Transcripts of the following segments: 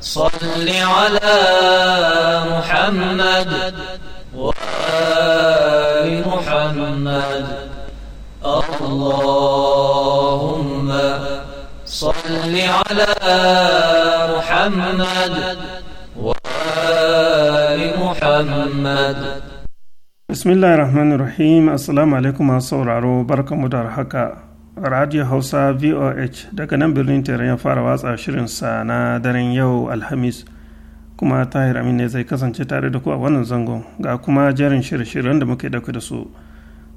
صل على محمد وآل محمد اللهم صل على محمد وآل محمد بسم الله الرحمن الرحيم السلام عليكم ورحمة الله وبركاته radio hausa voh daga nan birnin Tere ya fara watsa shirin sa na daren yau alhamis kuma tahir amin ne zai kasance tare da ku a wannan zangon ga kuma jerin shirye-shiryen da muke dauke da su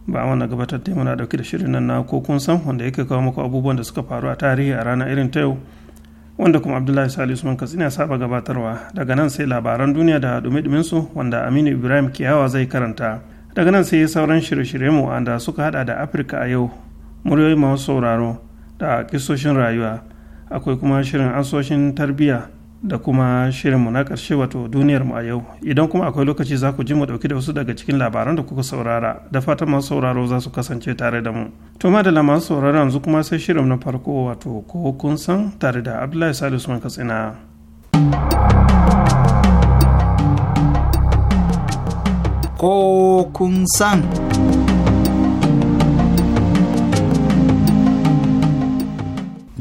ba wanda gabatar da muna dauke da shirin nan na ko kun san wanda yake kawo muku abubuwan da suka faru a tarihi a ranar irin ta yau wanda kuma abdullahi salisu man katsina saba gabatarwa daga nan sai labaran duniya da dumi su wanda aminu ibrahim kiyawa zai karanta daga nan sai sauran shirye-shiryenmu anda suka hada da afirka a yau muryoyi masu sauraro da kisoshin rayuwa akwai kuma shirin ansoshin tarbiyya da kuma shirinmu na ƙarshe wato duniyarmu a yau idan kuma akwai lokaci za ku ji mu ɗauki da wasu daga cikin labaran da kuka saurara da fatan masu sauraro za su kasance tare da mu to ma da lamar sauraro yanzu kuma sai shirin na farko wato ko kun san tare da abdullahi salisu man katsina ko kun san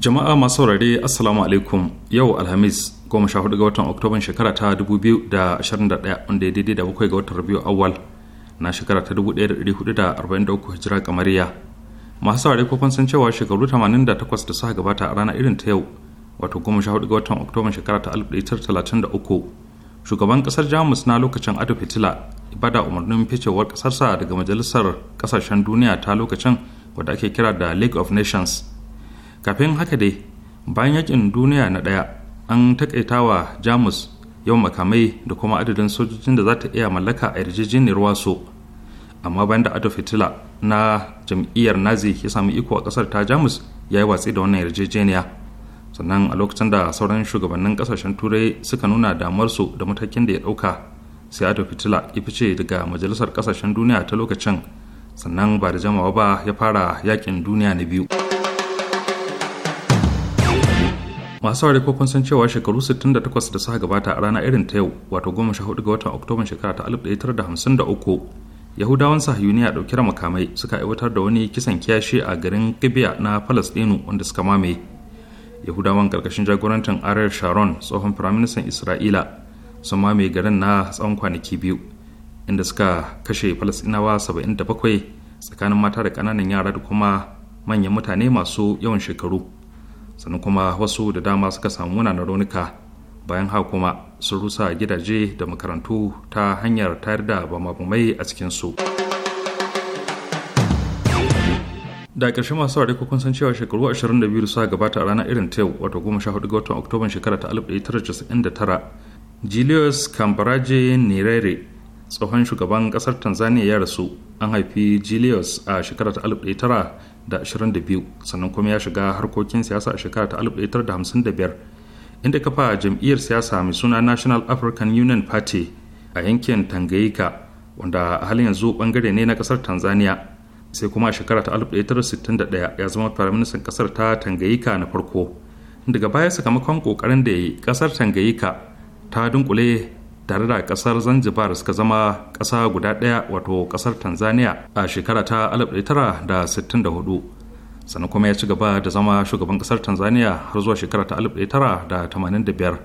jama'a masu saurare assalamu alaikum yau alhamis goma sha hudu ga watan oktoban shekara ta 2021 wanda ya daidai da bakwai ga watan rabiu awal na shekara ta 1443 hijira kamariya masu saurare kofan san cewa shekaru 88 da suka gabata a rana irin ta yau wato goma sha hudu ga watan oktoban shekara ta 1933 shugaban kasar jamus na lokacin adolf hitler ibada umarnin ficewar kasarsa daga majalisar kasashen duniya ta lokacin wadda ake kira da league of nations kafin haka dai bayan yakin duniya na ɗaya an taƙaita wa jamus yawan makamai da kuma adadin sojojin da za ta iya mallaka a yarjejeniyar waso amma bayan da adolf hitler na jam'iyyar nazi ya sami iko a ƙasar ta jamus ya yi watsi da wannan yarjejeniya sannan a lokacin da sauran shugabannin ƙasashen turai suka nuna damar su da matakin da ya ɗauka sai adolf hitler ya fice daga majalisar ƙasashen duniya ta lokacin sannan ba da jamawa ba ya fara yakin duniya na biyu masu ware kofin san cewa shekaru 68 da suka gabata a rana irin ta yau wato 14 ga watan oktoban shekara ta 1953 yahudawan sahiyuniya dauke da makamai suka aiwatar da wani kisan kiyashi a garin gibeya na palestinu wanda suka mamaye yahudawan karkashin jagorantin ariel sharon tsohon firaministan isra'ila sun mamaye garin na tsawon kwanaki biyu inda suka kashe falasɗinawa 77 tsakanin mata da kananan yara da kuma manyan mutane masu yawan shekaru sannan kuma wasu da dama suka samu munanan raunuka bayan haka kuma sun rusa gidaje da makarantu ta hanyar tayar da bamabumai a cikinsu da ƙarshe masu saurari kun san cewa shekaru 22 da suka gabata a ranar irin ta wato 14 ga watan oktoban shekara ta 1999 julius cambaraje nerere tsohon shugaban ƙasar tanzania ya rasu an haifi julius a shekara ta da 22 sannan kuma ya shiga harkokin siyasa a shekara ta 1955 inda kafa jam'iyyar siyasa mai suna national african union party a yankin tangayika wanda a halin yanzu bangare ne na kasar tanzania sai kuma a shekara ta 1961 ya zama firaministan kasar ta tangayika na farko daga baya sakamakon kokarin da ya yi kasar tangayika ta dunkule tare da kasar zanzibar suka zama kasa guda ɗaya wato kasar tanzania a shekara ta 1964 sannan kuma ya ci gaba da zama shugaban kasar tanzania har zuwa shekara ta 1985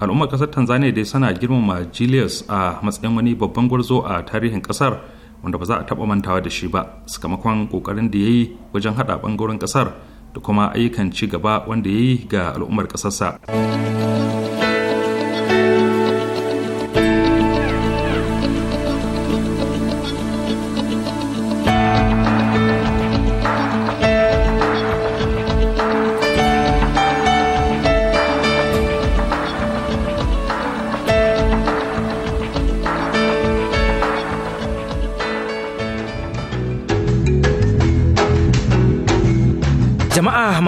al'ummar kasar tanzania dai sana girmama julius a matsayin wani babban gwarzo a tarihin kasar wanda ba za a taɓa mantawa da shi ba sakamakon kokarin da ya yi wajen haɗa bangaren ƙasar da kuma ayyukan ci gaba wanda ya yi ga al'ummar kasarsa.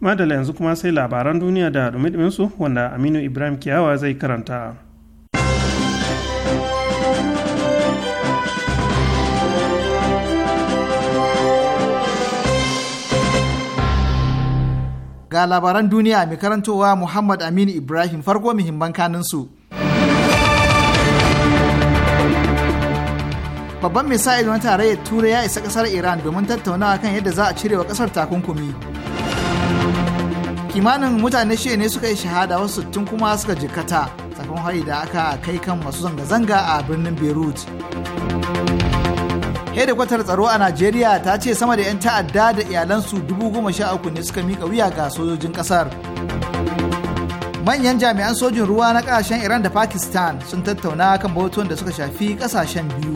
madala yanzu kuma sai labaran duniya da dumi su wanda aminu ibrahim kiyawa zai karanta ga labaran duniya mai karantowa muhammad aminu ibrahim farko muhimman kaninsu babban misa'il na tarayyar turai ya isa kasar iran domin tattaunawa kan yadda za a cirewa kasar takunkumi kimanin mutane shi ne suka yi shahada wasu tun kuma suka jikata sakamakon hari da aka kai kan masu zanga-zanga a birnin beirut hedikwatar tsaro a najeriya ta ce sama da 'yan ta'adda da iyalansu dubu goma uku ne suka mika wuya ga sojojin kasar manyan jami'an sojin ruwa na kasashen iran da pakistan sun tattauna kan bauton da suka shafi kasashen biyu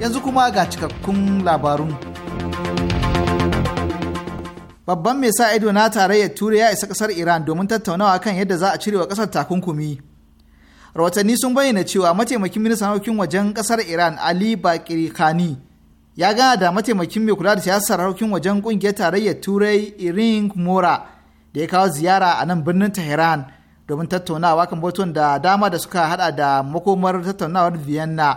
yanzu kuma ga cikakkun labarun babban mai sa ido na tarayyar turai ya isa kasar iran domin tattaunawa kan yadda za a cire wa kasar takunkumi rahotanni sun bayyana cewa mataimakin ministan harkokin wajen kasar iran ali bakiri khani ya gana da mataimakin mai kula da siyasar harkokin wajen kungiyar tarayyar turai irin mora da ya kawo ziyara a nan birnin tehran domin tattaunawa kan batun da dama da suka hada da makomar tattaunawar vienna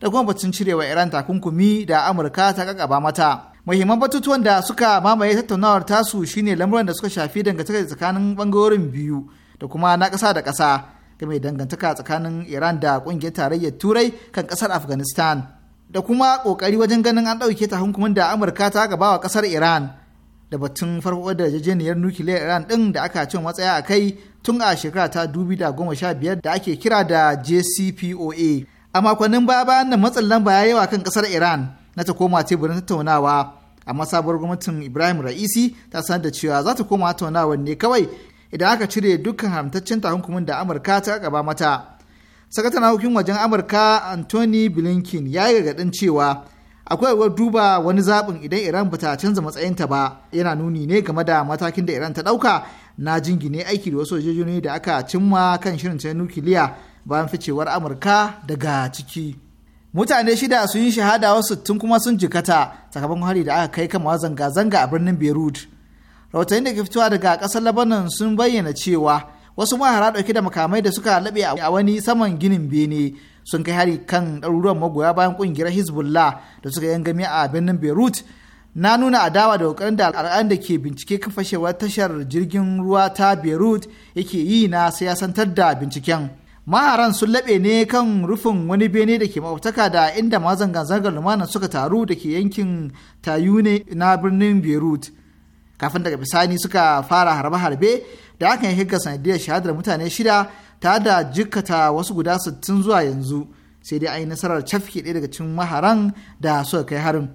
da kuma batun cirewa iran takunkumi da amurka ta kakaba mata muhimman batutuwan da suka mamaye tattaunawar tasu shine lamuran da suka shafi dangantaka tsakanin bangarorin biyu da kuma na kasa da ƙasa game dangantaka tsakanin iran da ƙungiyar tarayyar turai kan kasar afghanistan da kuma ƙoƙari wajen ganin an ɗauke ta hukumin da amurka ta gaba wa ƙasar iran da batun farko da yarjejeniyar nukiliyar iran din da aka cin matsaya a kai tun a shekara ta biyar da ake kira da jcpoa a makonnin baya bayan nan matsin lamba ya yawa kan ƙasar iran na ta koma teburin tattaunawa amma sabuwar gwamnatin ibrahim ra'isi ta sanar da cewa za ta koma tattaunawar ne kawai idan aka cire dukkan haramtaccen takunkumin da amurka ta gaba mata sakataren harkokin wajen amurka anthony blinken ya yi gargaɗin cewa akwai yiwuwar duba wani zaɓin idan iran ba ta canza matsayinta ba yana nuni ne game da matakin da iran ta ɗauka na jingine aiki da wasu sojojin da aka cimma kan shirin nukiliya bayan ficewar amurka daga ciki. mutane shida sun yi shahada wasu tun kuma sun jikata sakamakon hari da aka kai kama zanga-zanga a birnin beirut rahotanni da ke fitowa daga kasar labanan sun bayyana cewa wasu mahara dauke da makamai da suka labe a wani saman ginin bene sun kai hari kan ɗaruruwan magoya bayan ƙungiyar hezbollah da suka gangami a birnin beirut na nuna adawa da kokarin da al'adun da ke bincike kan fashewar tashar jirgin ruwa ta beirut yake yi na siyasantar da binciken maharan sun laɓe ne kan rufin wani bene da ke mautaka da inda mazanga-zangar lumana suka taru da ke yankin tayune na birnin beirut kafin daga bisani suka fara harbe-harbe da aka yi ya sanadiyar shahadar mutane shida ta da jikkata wasu guda sittin zuwa yanzu sai dai an yi nasarar cafke ɗaya daga cikin maharan da suka kai harin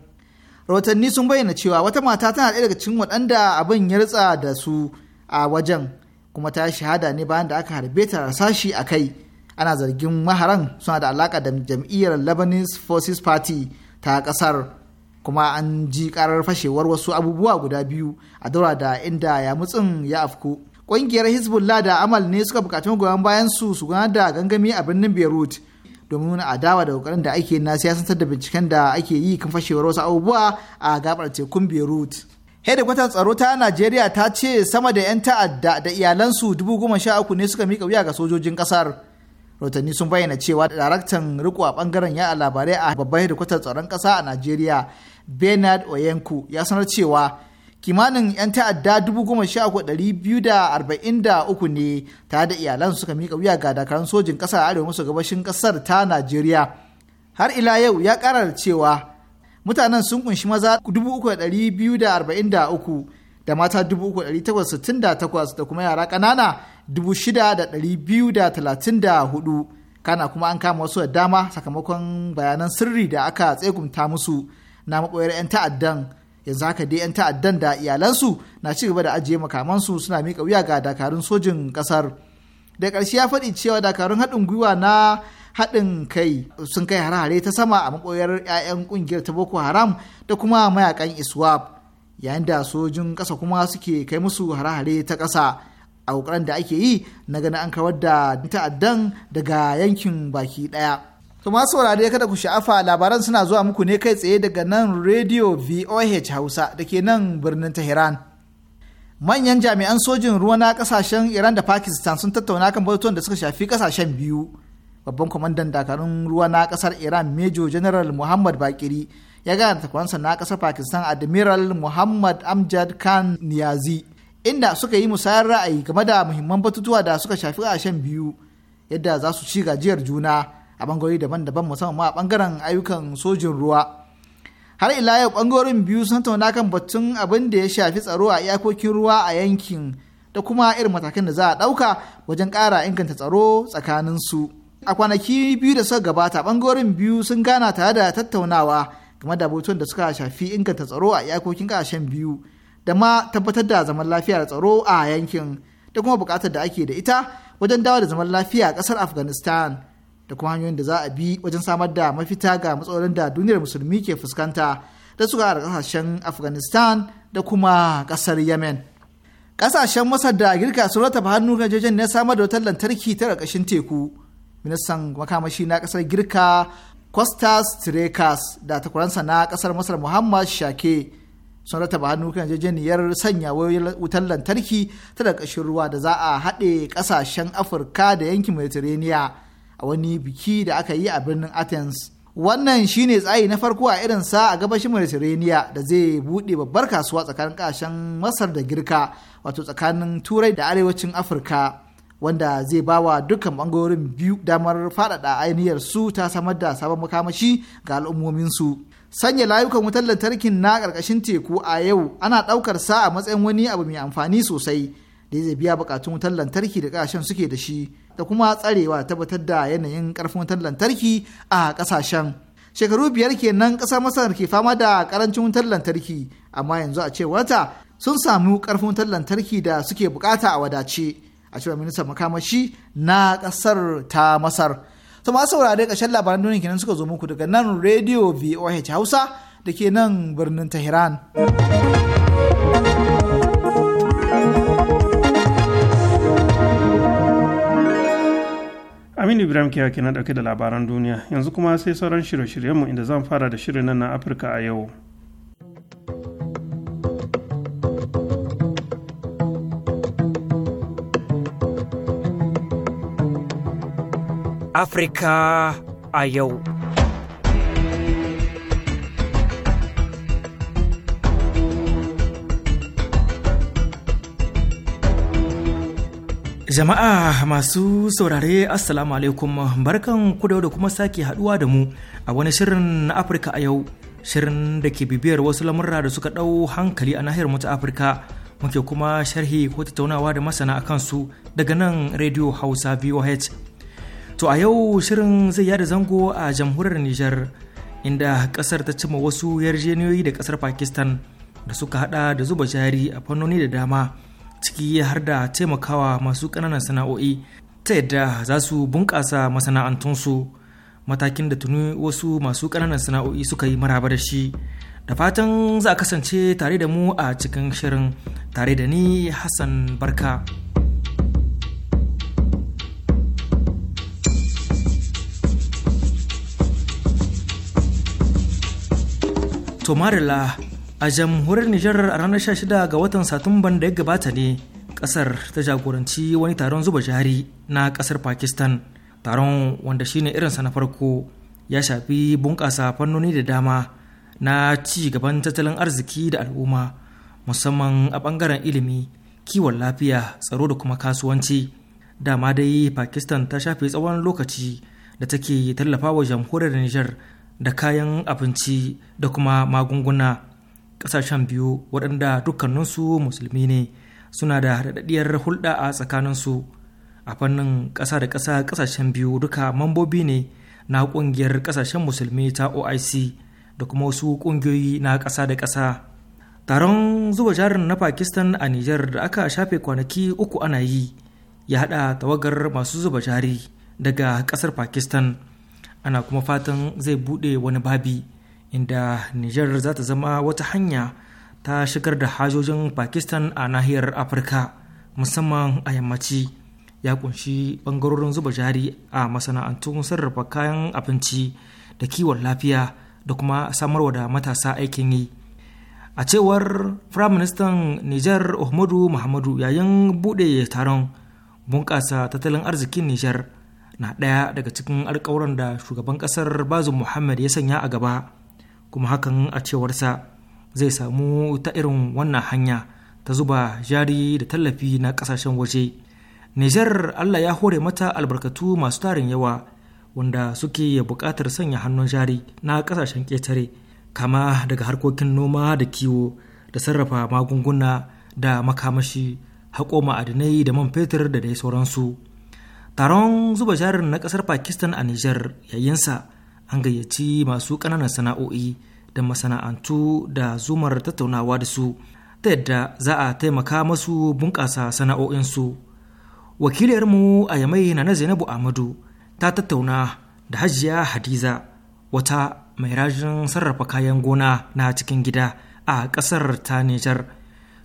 rahotanni sun bayyana cewa wata mata tana ɗaya daga cikin waɗanda abin ya da su a wajen kuma ta shahada ne bayan da aka harbe ta rasashi a kai ana zargin maharan suna da alaka da jam'iyyar lebanese forces party ta kasar kuma an ji karar fashewar wasu abubuwa guda biyu a daura da inda yamutsin ya afku ƙungiyar hezbollah da amal ne suka bukaci goyon bayan su su gana da gangami a birnin beirut domin nuna adawa da kokarin da ake na siyasantar da binciken da ake yi kan fashewar wasu abubuwa a gabar tekun beirut hedikwatar tsaro ta najeriya ta ce sama da 'yan ta'adda da iyalansu dubu goma sha uku ne suka mika wuya ga sojojin ƙasar. rahotanni sun bayyana cewa daraktan riko a bangaren ya labarai a babban hedikwatar tsaron kasa a najeriya bernard oyenku ya sanar cewa kimanin 'yan ta'adda 13,243 ne tare da iyalan suka mika wuya ga dakaran sojin ƙasar arewa maso gabashin ƙasar ta najeriya har ila yau ya kara da cewa mutanen sun kunshi maza 3,243 da mata 3,868 da kuma yara ƙanana 6,234 kana kuma an kama wasu da dama sakamakon bayanan sirri da aka tsegumta musu na maɓoyar 'yan ta'addan yanzu haka dai 'yan ta'addan da iyalansu na ci gaba da ajiye makamansu suna mika wuya ga dakarun sojin ƙasar da ƙarshe ya faɗi cewa dakarun haɗin gwiwa na haɗin kai sun kai hare-hare ta sama a maɓoyar 'ya'yan ƙungiyar ta boko haram da kuma mayakan iswap yayin da sojin ƙasa kuma suke kai musu hare-hare ta ƙasa a kokarin da ake yi na gani an kawar da ta'addan daga yankin baki daya. To masu saurare kada ku sha'afa labaran suna zuwa muku ne kai tsaye daga nan Radio VOH Hausa da ke nan birnin Tehran. Manyan jami'an sojin ruwa na kasashen Iran da Pakistan sun tattauna kan batutuwan da suka shafi kasashen biyu. Babban kwamandan dakarun ruwa na kasar Iran Major General Muhammad Bakiri ya gana takwaransa na kasar Pakistan Admiral Muhammad Amjad Khan Niyazi. inda suka yi musayar ra'ayi game da muhimman batutuwa da suka shafi ƙashen biyu yadda za su ci gajiyar juna a bangarori daban-daban musamman a bangaren ayyukan sojin ruwa har ila yau bangarorin biyu sun tauna kan batun abin da ya shafi tsaro a iyakokin ruwa a yankin da kuma irin matakan da za a ɗauka wajen ƙara inganta tsaro tsakanin su a kwanaki biyu da suka gabata bangarorin biyu sun gana tare da tattaunawa game da batun da suka shafi inganta tsaro a iyakokin ƙashen biyu da ma tabbatar da zaman lafiya da tsaro a yankin da kuma buƙatar da ake da ita wajen dawo da zaman lafiya a ƙasar afghanistan da kuma hanyoyin da za a bi wajen samar da mafita ga matsalolin da duniyar musulmi ke fuskanta da suka da ƙasashen afghanistan da kuma ƙasar yemen ƙasashen masar da girka sun rataba hannu kan jejen na samar da wutar lantarki ta ƙarƙashin teku ministan makamashi na kasar girka costas trekas da takwaransa na ƙasar masar muhammad shake sun rataba hannu kan yarjejeniyar sanya wutar lantarki ta da kashin ruwa da za a haɗe ƙasashen afirka da yankin mediterania a wani biki da aka yi a birnin athens wannan shine tsayi na farko a irin sa a gabashin mediterania da zai buɗe babbar kasuwa tsakanin ƙasashen masar da girka wato tsakanin turai da arewacin afirka wanda zai bawa dukkan bangarorin biyu damar faɗaɗa ainihin su ta samar da sabon makamashi ga al'ummominsu sanya layukan wutar lantarkin na ƙarƙashin teku a yau ana ɗaukar sa a matsayin wani abu mai amfani sosai da zai biya buƙatun wutar lantarki da ƙasashen suke da shi da kuma tsarewa tabbatar da yanayin ƙarfin wutar lantarki a ƙasashen. Shekaru biyar kenan ƙasar Masar ke fama da ƙarancin wutar lantarki amma yanzu a cewarta sun samu ƙarfin wutar lantarki da suke buƙata a wadace a cewar ministan makamashi na ƙasar ta Masar. to ma saurare ƙarshen labaran duniya kenan suka zo muku daga nan radio voh hausa da ke nan birnin tehran Aminu Ibrahim Kiyawa kenan dauke da labaran duniya yanzu kuma sai sauran shirye-shiryenmu inda zan fara da shirin nan na Afirka a yau. Afirka a yau. Jama'a masu saurare Assalamu alaikum barkan ku da kuma sake haduwa da mu a wani shirin na Afirka a yau shirin da ke bibiyar wasu lamurra da suka ɗau hankali a nahiyar mu ta Afirka muke kuma sharhi ko tattaunawa da masana a kansu daga nan Radio Hausa VOH To a yau shirin zai yada zango a jamhuriyar Nijar inda kasar ta cima wasu yarjeniyoyi da kasar Pakistan da suka hada da zuba jari a fannoni da dama ciki har da taimakawa masu ƙananan sana'o'i ta yadda za su bunƙasa masana'antunsu matakin da tuni wasu masu ƙananan sana'o'i suka yi maraba da shi da fatan za a kasance tare da mu a cikin shirin tare da ni hassan barka. tomarila a jamhuriyar nijar a ranar 16 ga watan satumban da ya gabata ne kasar ta jagoranci wani taron zuba jari na kasar pakistan taron wanda shine irinsa na farko ya shafi bunƙasa fannoni da dama na ci gaban tattalin arziki da al'umma musamman a ɓangaren ilimi kiwon lafiya tsaro da kuma kasuwanci dama dai pakistan ta shafe tsawon lokaci da take tallafa wa jamhuriyar niger. da kayan abinci da kuma magunguna ƙasashen biyu waɗanda dukkaninsu musulmi ne suna da haɗaɗɗiyar hulɗa a tsakaninsu a fannin ƙasa da ƙasa ƙasashen biyu duka mambobi ne na ƙungiyar ƙasashen musulmi ta oic da kuma wasu ƙungiyoyi na ƙasa da ƙasa taron zuba jarin na pakistan a niger da aka shafe kwanaki uku ana yi ya haɗa tawagar masu zuba jari daga ƙasar pakistan ana kuma fatan zai bude wani babi inda nijar za ta zama wata hanya ta shigar da hajojin pakistan a nahiyar afirka musamman a yammaci ya kunshi bangarorin zuba jari a masana'antun sarrafa kayan abinci da kiwon lafiya da kuma samarwa da matasa aikin yi a cewar firaministan nijar ahmadu muhammadu yayin buɗe taron bunƙasa tattalin arzikin nijar na ɗaya daga cikin alkawuran da shugaban ƙasar bazum muhammad ya sanya a gaba kuma hakan a cewarsa zai samu ta irin wannan hanya ta zuba jari da tallafi na ƙasashen waje nijar allah ya hore mata albarkatu masu tarin yawa wanda suke buƙatar sanya hannun jari na ƙasashen ƙetare kama daga harkokin noma da kiwo da sarrafa magunguna da makamashi haƙo ma'adinai da man fetur da dai sauransu taron zuba jarin na kasar pakistan a niger yayinsa an gayyaci masu kananan sana'o'i da masana'antu da zumar tattaunawa da su ta yadda za a taimaka masu bunƙasa sana'o'insu wakiliyarmu a yamai na zainabu amadu ta tattauna da hajiya hadiza wata mai rajin sarrafa kayan gona na cikin gida a ƙasar ta niger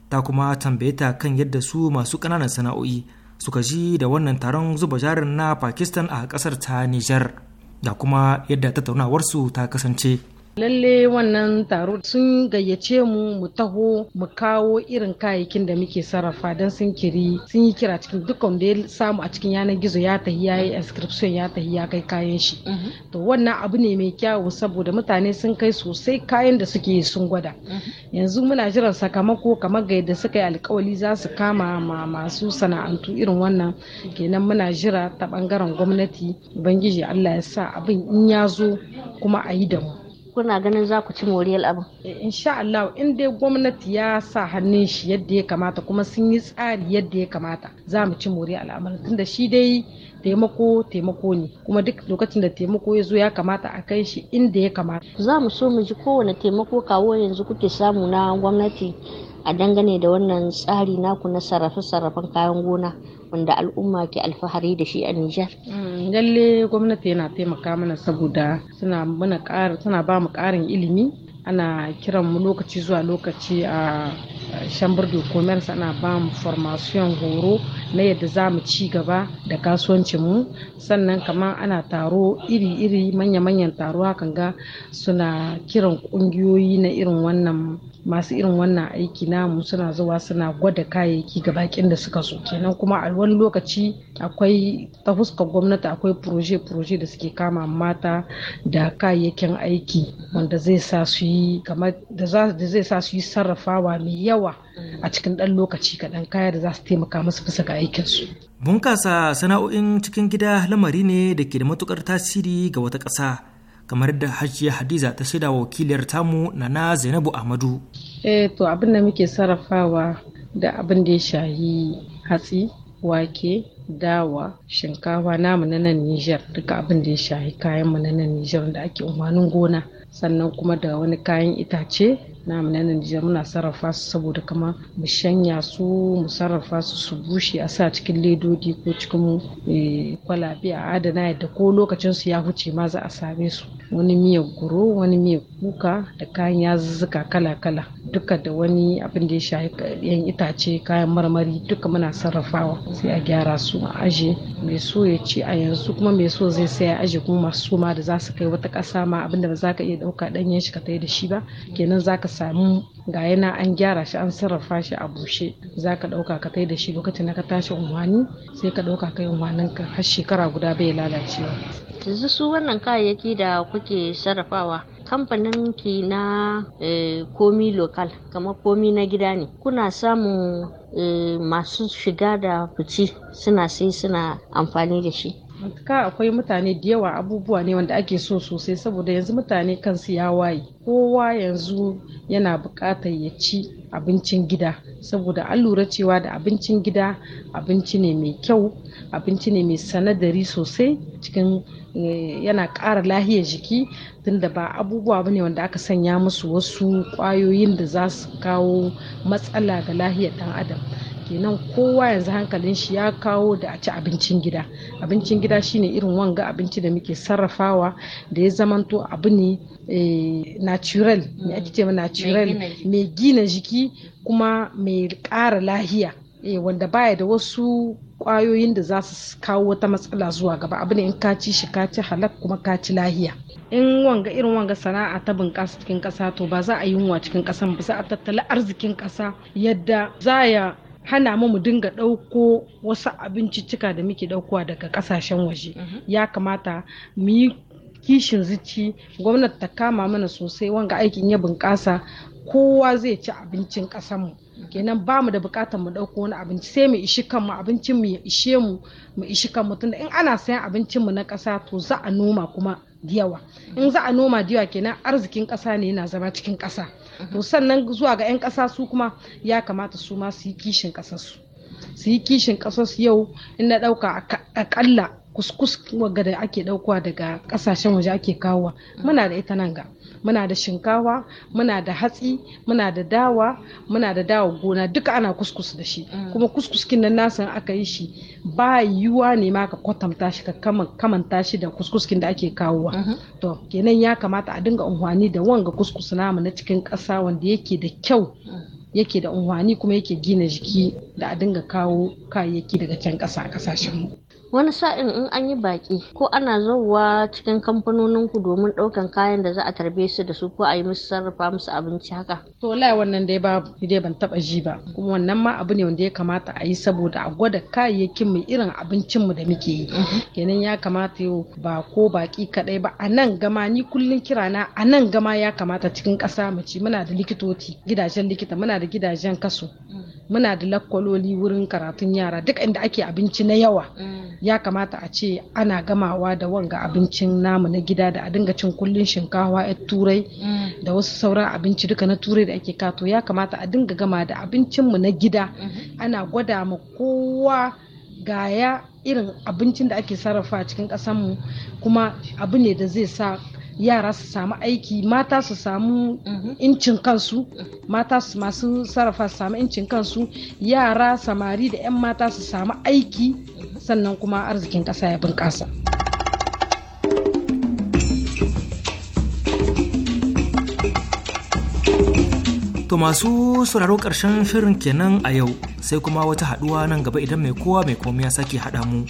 ta kuma tambaye ta kan yadda su masu ƙananan sana'o'i suka ji da wannan taron zuba jarin na pakistan a kasar ta nijar da kuma yadda tattaunawarsu ta kasance lalle wannan taro sun gayyace mu mu taho mu kawo irin kayayyakin da muke sarrafa don sun kiri sun yi kira cikin dukkan da ya samu a cikin yanar gizo ya tafi ya yi inscription ya tafi ya kai kayan shi mm-hmm. to wannan abu ne mai kyawu saboda mutane sun kai sosai kayan da suke sun gwada mm-hmm. yanzu muna jiran sakamako kamar ga yadda suka yi alkawali za su kama ma masu sana'antu irin wannan kenan muna jira ta bangaren gwamnati ubangiji allah ya sa abin in ya zo kuma a yi da mu kuna ganin za ku ci moriyar abin eh, insha Allah in dai gwamnati ya sa hannun shi yadda ya kamata kuma sun yi tsari yadda ya kamata za mu ci moriyar al'amarin tunda shi dai taimako taimako ne kuma duk lokacin da taimako ya zo ya kamata a kai shi inda ya kamata za mu so mu ji kowane taimako kawo yanzu kuke samu na gwamnati a dangane da wannan tsari naku na sarrafe-sarrafen kayan gona wanda al'umma ke alfahari da shi a Nijar. Mm, lalle gwamnati yana taimaka mana saboda suna mana ba mu ƙarin ilimi ana kiran mu lokaci zuwa lokaci a shambar de commerce ana ba mu formation horo na yadda za mu ci gaba da kasuwancin mu. sannan kamar ana taro iri-iri manya-manyan taro hakan ga suna kiran kungiyoyi na irin wannan masu irin wannan aiki namu suna zuwa suna gwada kayayyaki ga bakin da suka so kenan kuma a wani lokaci akwai ta fuskar gwamnati akwai proje-proje da suke kama mata da kayayyakin aiki wanda zai sa su yi da zai sa su yi sarrafawa mai yawa a cikin dan lokaci kaɗan kaya da za su taimaka musu fisa ga aikinsu. Bunkasa sana'o'in cikin gida lamari ne da ke da matukar tasiri ga wata ƙasa. kamar da hajiya hadiza ta shaida wakiliyar tamu nana zainabu ahmadu eh to abin da muke sarrafawa da abin da ya shahi hatsi wake dawa shinkafa namu na nan niger duka abin da ya shahi kayan mu na nan nijar da ake umarnin gona sannan kuma da wani kayan itace na na Najeriya muna sarrafa su saboda kama mu shanya su mu sarrafa su su bushe a sa cikin ledodi ko cikin eh, kwalabe a adana yadda ko lokacin su ya huce ma za a same su wani miyar guro wani miyar kuka da kayan yazuzzuka kala-kala duka da wani abin da ya shafi yan itace kayan marmari duka muna sarrafawa sai a gyara su a aje mai so ya ci a yanzu kuma mai so zai saya aje kuma masu ma da za su kai wata ƙasa ma abinda ba za ka iya ɗauka ɗanyen shi ka tai da shi ba kenan zaka samu ga yana an gyara shi an sarrafa shi a bushe zaka ɗauka ka tai da shi lokacin da ka tashi unwani sai ka ɗauka kai unwanin ka har shekara guda bai lalacewa yanzu su wannan kayayyaki da kuke sarrafawa kamfanin ki na eh, komi lokal kamar komi na gida ne kuna samun eh, masu shiga da fici suna sai suna amfani da shi ka akwai mutane da yawa abubuwa ne wanda ake so sosai saboda yanzu mutane kansu ya waye kowa yanzu yana buƙatar ya ci abincin gida saboda an lura cewa da abincin gida abinci ne mai kyau abinci ne mai sanadari sosai cikin eh, yana ƙara lahiyar jiki tunda ba abubuwa ba ne wanda aka sanya musu wasu ƙwayoyin da za su kawo matsala ga lahiyar ɗan adam kenan kowa yanzu hankalin shi ya kawo da a ci abincin gida abincin gida shine irin wanga abinci da muke sarrafawa da ya zamanto abu ne eh, natural ake ce natural mai gina jiki kuma mai ƙara lahiya eh, wanda baya da wasu kwayoyin da za su kawo wata matsala zuwa gaba abu ne in ka ci shi ka ci halak kuma ka ci lahiya in wanga irin wanga sana'a ta bunƙasa cikin ƙasa to ba za a yi yunwa cikin ƙasa ba za a tattala arzikin ƙasa yadda za ya hana mu mu dinga ɗauko wasu abinciccika da muke ɗaukowa daga kasashen waje mhm. ya kamata mu yi kishin zuci gwamnati ta kama mana sosai wanga aikin ya bunƙasa kowa zai ci abincin ƙasanmu kenan ba mu da bukatar mu ɗauko wani abinci sai mu ishi kanmu abincin mu ya ishe mu mu ishi kanmu tunda in ana sayan abincin mu na ƙasa to za a noma kuma yawa in za a noma da yawa kenan arzikin ƙasa ne yana zama cikin ƙasa to sannan zuwa ga 'yan ƙasa su kuma ya kamata su ma su yi kishin ƙasarsu su yi kishin ƙasarsu yau in na ɗauka aƙalla kuskus wagga da ake ɗaukuwa daga kasashen waje ake kawowa muna da ita nan ga muna da shinkawa muna da hatsi muna da dawa muna da dawa gona duka ana kuskus da shi mm. kuma kuskuskin nan nasan aka yi shi ba yiwuwa ne ma ka kwatanta shi ka kamanta shi da kuskuskin da ake kawowa mm-hmm. to kenan ya kamata a dinga unhwani da wanga kuskus namu na cikin ƙasa wanda yake da kyau mm. yake da unhwani kuma yake gina jiki da a dinga kawo kayayyaki daga can kasa a kasashen mu wani sa'in in an yi baƙi ko ana zauwa cikin kamfanonin ku domin ɗaukan kayan da za a tarbe su da su ko a yi musu sarrafa musu abinci haka to wallahi wannan dai ba dai ban taba ji ba kuma wannan ma abu ne wanda ya kamata a yi saboda a gwada kayayyakin mu irin abincin mu da muke yi mhm. kenan ya kamata yau ba ko baƙi kadai ba a nan gama ni kullun kira na a nan gama ya kamata cikin ƙasa mu ci muna da likitoci gidajen likita muna da gidajen kaso mhm. muna da lakkwaloli wurin karatun yara duk inda ake abinci na yawa mhm. ya kamata a ce ana gamawa da wanga abincin namu na gida da a dinga cin kullun shinkawa yar turai mm. da wasu sauran abinci duka na turai da ake kato ya kamata a dinga gama da abincinmu na gida mm-hmm. ana gwada ma kowa gaya irin abincin da ake sarrafa cikin kasanmu kuma abu ne da zai sa yara su samu aiki mata su samu mhm. incin kansu mhm. mata su masu sarrafa su samu incin kansu yara samari da 'yan mata su samu aiki mhm. sannan kuma arzikin ƙasa ya bunƙasa. To masu sauraro ƙarshen shirin kenan a yau sai kuma wata haɗuwa nan gaba idan mai kowa mai komai ya sake haɗa mu.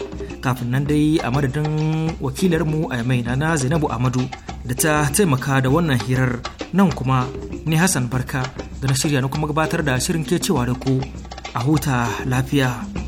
Kafin nan dai a madadin wakilarmu a mai na Zainabu Amadu da ta taimaka da wannan hirar nan kuma ni Hassan Barka da na shirya na kuma gabatar da shirin ke cewa da ku a huta lafiya.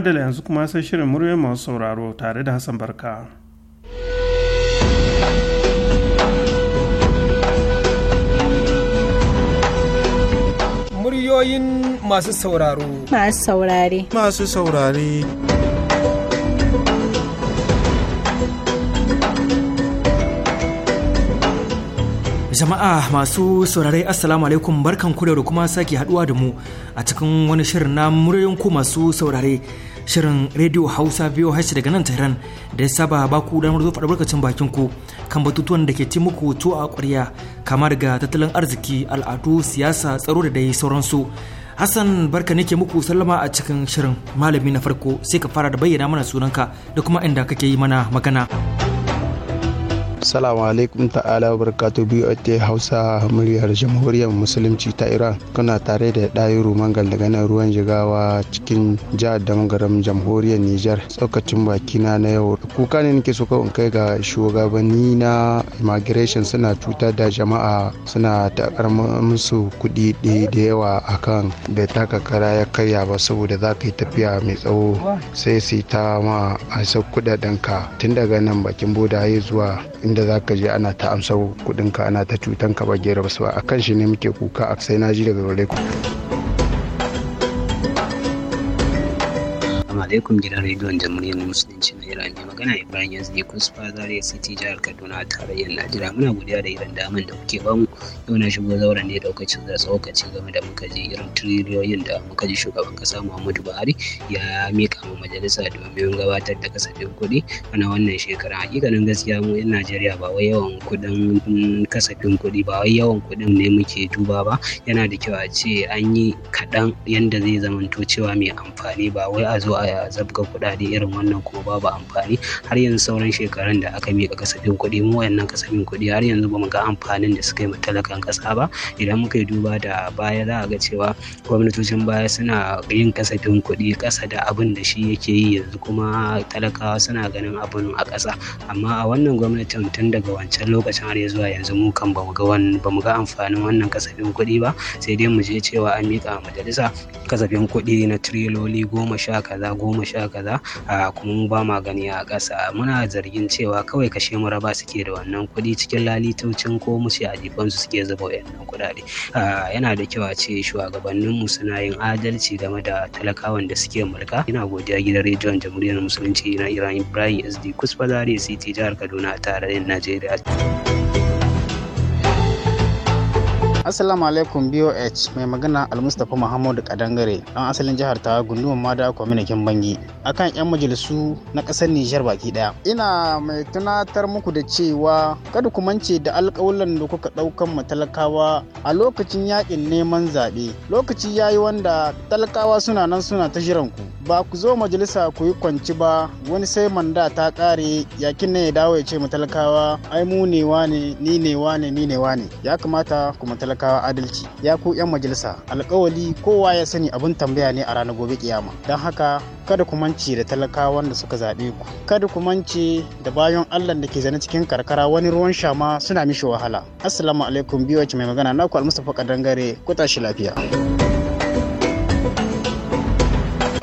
madala yanzu kuma sai shirin murya masu sauraro tare da hassan barka muryoyin masu sauraro masu saurare masu saurare Jama'a masu saurare Assalamu alaikum barkan ku da kuma sake haduwa da mu a cikin wani shirin na muryoyin ku masu saurare shirin Radio Hausa biyo hashi daga nan Tehran da ya saba ba ku damar zo barkacin bakin ku kan batutuwan da ke ci muku to a kwarya kama daga tattalin arziki al'adu siyasa tsaro da dai sauransu. Hassan barka ne ke muku sallama a cikin shirin malami na farko sai ka fara da bayyana mana sunanka da kuma inda kake yi mana magana. Salamu alaikum ta'ala wa barakatu biyu ta Hausa muryar jamhuriyar musulunci ta Iran kuna tare da ɗayi mangal daga nan ruwan jigawa cikin jihar damgaram jamhuriyar Nijar tsokacin bakina na yau. Kuka ne nake so in kai ga shugabanni na immigration suna cutar da jama'a suna takar musu kuɗi da yawa akan bai taka kara ya karya ba saboda za ka yi tafiya mai tsawo sai su ta ma a kuɗaɗen ka tun daga nan bakin boda zuwa inda za ka je ana ta amsa kudinka ana ta cutanka ba gera ba a kan shi ne muke kuka a sai na ji daga gare ku. alaikum gidan rediyon jamhuriyar musulunci na iran ne magana ibrahim yanzu kusfa zaria city jihar kaduna a tarayyar najeriya muna godiya da irin daman da kuke bamu yau na shigo zauren ne daukacin da tsokaci game da muka ji irin tiriliyoyin da muka ji shugaban kasa muhammadu buhari ya mika ma majalisa domin gabatar da kasafin kuɗi ana wannan shekara hakikanin gaskiya mu yan najeriya ba wai yawan kuɗin kasafin kuɗi ba wai yawan kuɗin ne muke duba ba yana da kyau a ce an yi kaɗan yanda zai zamanto cewa mai amfani ba wai a zo a dinga zabga kuɗaɗe irin wannan kuma babu amfani har yanzu sauran shekarun da aka miƙa kasafin kuɗi mu wayannan kasafin kuɗi har yanzu bamu ga amfanin da suka yi talakan ƙasa ba idan muka yi duba da baya za a ga cewa gwamnatocin baya suna yin kasafin kuɗi ƙasa da abin da shi yake yi yanzu kuma talakawa suna ganin abin a ƙasa amma a wannan gwamnatin tun daga wancan lokacin har zuwa yanzu mu kan bamu ga bamu ga amfanin wannan kasafin kuɗi ba sai dai mu je cewa an miƙa majalisa kasafin kuɗi na tireloli goma sha kaza goma goma sha kaza a kuma mu ba ma gani a ƙasa muna zargin cewa kawai kashe mu raba suke da wannan kuɗi cikin lalitocin ko mu ce a jifansu suke zuba wayannan kuɗaɗe yana da kyau a ce mu suna yin adalci game da talakawan da suke mulka ina godiya gidan rediyon jamhuriyar musulunci na iran ibrahim sd kusfa zare city jihar kaduna a tarayyar najeriya Assalamu alaikum BOH mai magana Almustapha Muhammadu Kadangare ɗan asalin jihar ta gundumar Mada kwaminikin Bangi akan yan majalisu na ƙasar Nijar baki daya. Ina mai tunatar muku da cewa kada ku mance da alƙawuran da kuka ɗaukan mu talakawa a lokacin yakin neman zaɓe. Lokaci yayi wanda talakawa suna nan suna ta jiran ku. ba ku zo majalisa ku yi kwanci ba wani sai manda ta kare yakin ne ya dawo ya ce mu talakawa ai mu ne wane ni ne wane ni ne wane ya kamata ku mu talakawa adalci ya ku yan majalisa alkawali kowa ya sani abin tambaya ne a ranar gobe kiyama don haka kada ku mance da talakawan da suka zaɓe ku kada ku mance da bayan allah da ke zane cikin karkara wani ruwan shama suna mishi wahala assalamu alaikum biyu mai magana naku almustapha kadangare ku tashi lafiya.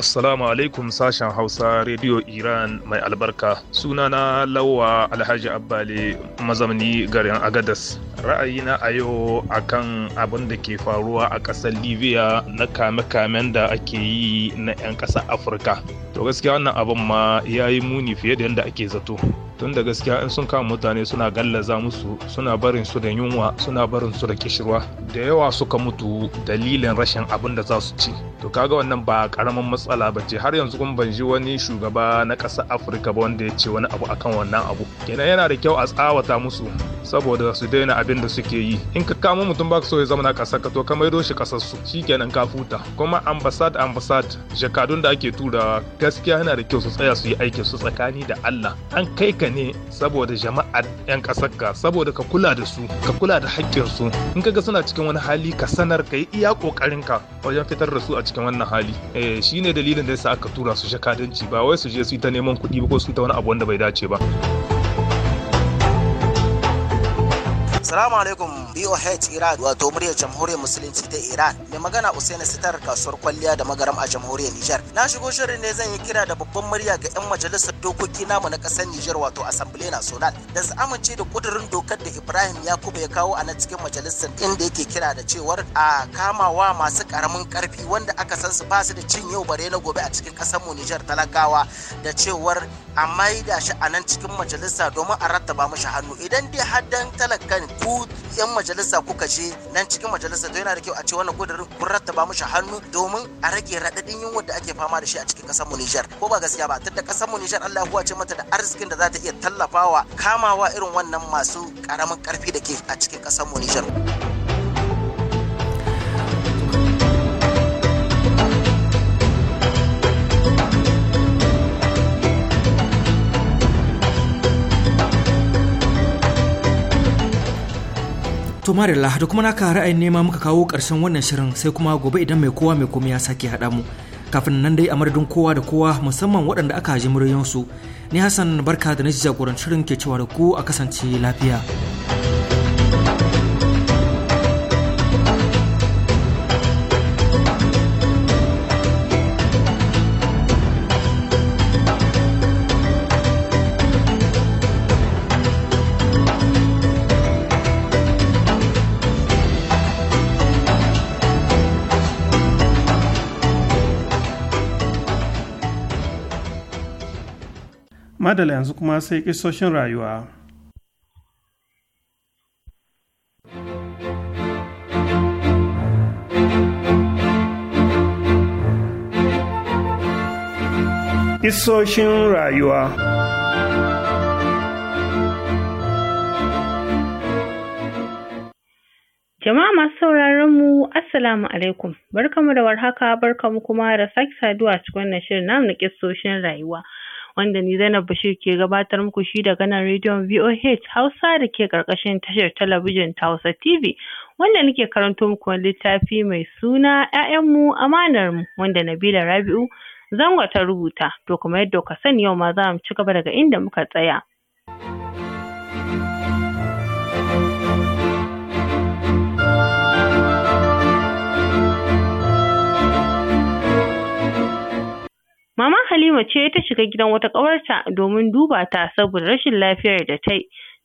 Assalamu alaikum sashen Hausa Radio Iran mai albarka. Sunana Lawa Alhaji Abbali mazamni garin Agadas. Ra'ayina a yau akan abin da ke faruwa a ƙasar Libya na kame-kamen da ake yi na 'yan ƙasar Afirka. To gaskiya wannan abin ma ya yi muni fiye da yadda ake zato. tun da gaskiya in sun kama mutane suna gallaza musu suna barin su da yunwa suna barin su da kishirwa da yawa suka mutu dalilin rashin abin da za su ci to kaga wannan ba karamin matsala matsala ba ce har yanzu kuma ban ji wani shugaba na ƙasar afirka ba wanda ya ce wani abu akan wannan abu kenan yana da kyau a tsawata musu saboda su daina abin da suke yi in ka kama mutum ba ka so ya zama na ƙasar ka to ka maido shi ƙasar su shikenan ka futa kuma ambassad ambassad jakadun da ake tura gaskiya yana da kyau su tsaya su yi aiki su tsakani da Allah an kai ka ne saboda jama'ar 'yan ƙasar ka saboda ka kula da su ka kula da haƙƙin su in ka ga suna cikin wani hali ka sanar ka yi iya ƙoƙarin ka wajen fitar da su a cikin wannan hali eh shine dalilin da yasa aka tura su jakadanci ba wai su je su yi ta neman kuɗi ba ko su yi ta wani abu wanda bai dace ba. Salamu alaikum BOH Iran wato muryar jamhuriyar musulunci ta Iran. Mai magana Usaini Sitar kasuwar kwalliya da magaram a jamhuriyar Nijar. Na shigo shirin ne zan yi kira da babban murya ga 'yan majalisar dokoki namu na ƙasar Nijar wato Assembly National da su amince da kudurin dokar da Ibrahim Yakubu ya kawo a nan cikin majalisar inda yake kira da cewar a kamawa masu karamin karfi wanda aka san su basu da cin yau bare na gobe a cikin ƙasar mu Nijar talakawa da cewar a maida shi a nan cikin majalisa domin a rattaba mashi hannu idan dai har dan talakan ku yan majalisa kuka je nan cikin majalisa to yana da kyau a ce wannan kudirin kun rattaba mushi hannu domin a rage raɗaɗin yunwa da ake fama da shi a cikin ƙasar mu ko ba gaskiya ba tunda ƙasar mu Nijar Allah ya ce mata da arzikin da za ta iya tallafawa kamawa irin wannan masu ƙaramin ƙarfi da ke a cikin ƙasar mu Nijar. To Marilla da kuma naka ra'ayin nema muka kawo ƙarshen wannan shirin sai kuma gobe idan mai kowa mai komai ya sake haɗa mu. Kafin nan dai a madadin kowa da kowa musamman waɗanda aka ji muryoyinsu. Ni Hassan barka da na jagorancin shirin ke cewa da ku a kasance lafiya. madala yanzu kuma sai kisoshin rayuwa Isoshin rayuwa Jama'a masu sauraron mu Assalamu alaikum barkamu da warhaka barkamu kuma da sake saduwa cikin wannan shirin namu na kisoshin rayuwa wanda ni Zainab Bashir ke gabatar muku shi daga nan rediyon VOH Hausa da ke karkashin tashar talabijin ta Hausa TV wanda nake karanto muku wani littafi mai suna ‘ya'yanmu amanar mu wanda Nabila Rabi'u zango ta rubuta to kuma yadda ka sani yau ma za mu ci gaba daga inda muka tsaya. Maman Halima ce ta shiga gidan wata ƙawarta domin duba ta saboda rashin lafiyar da ta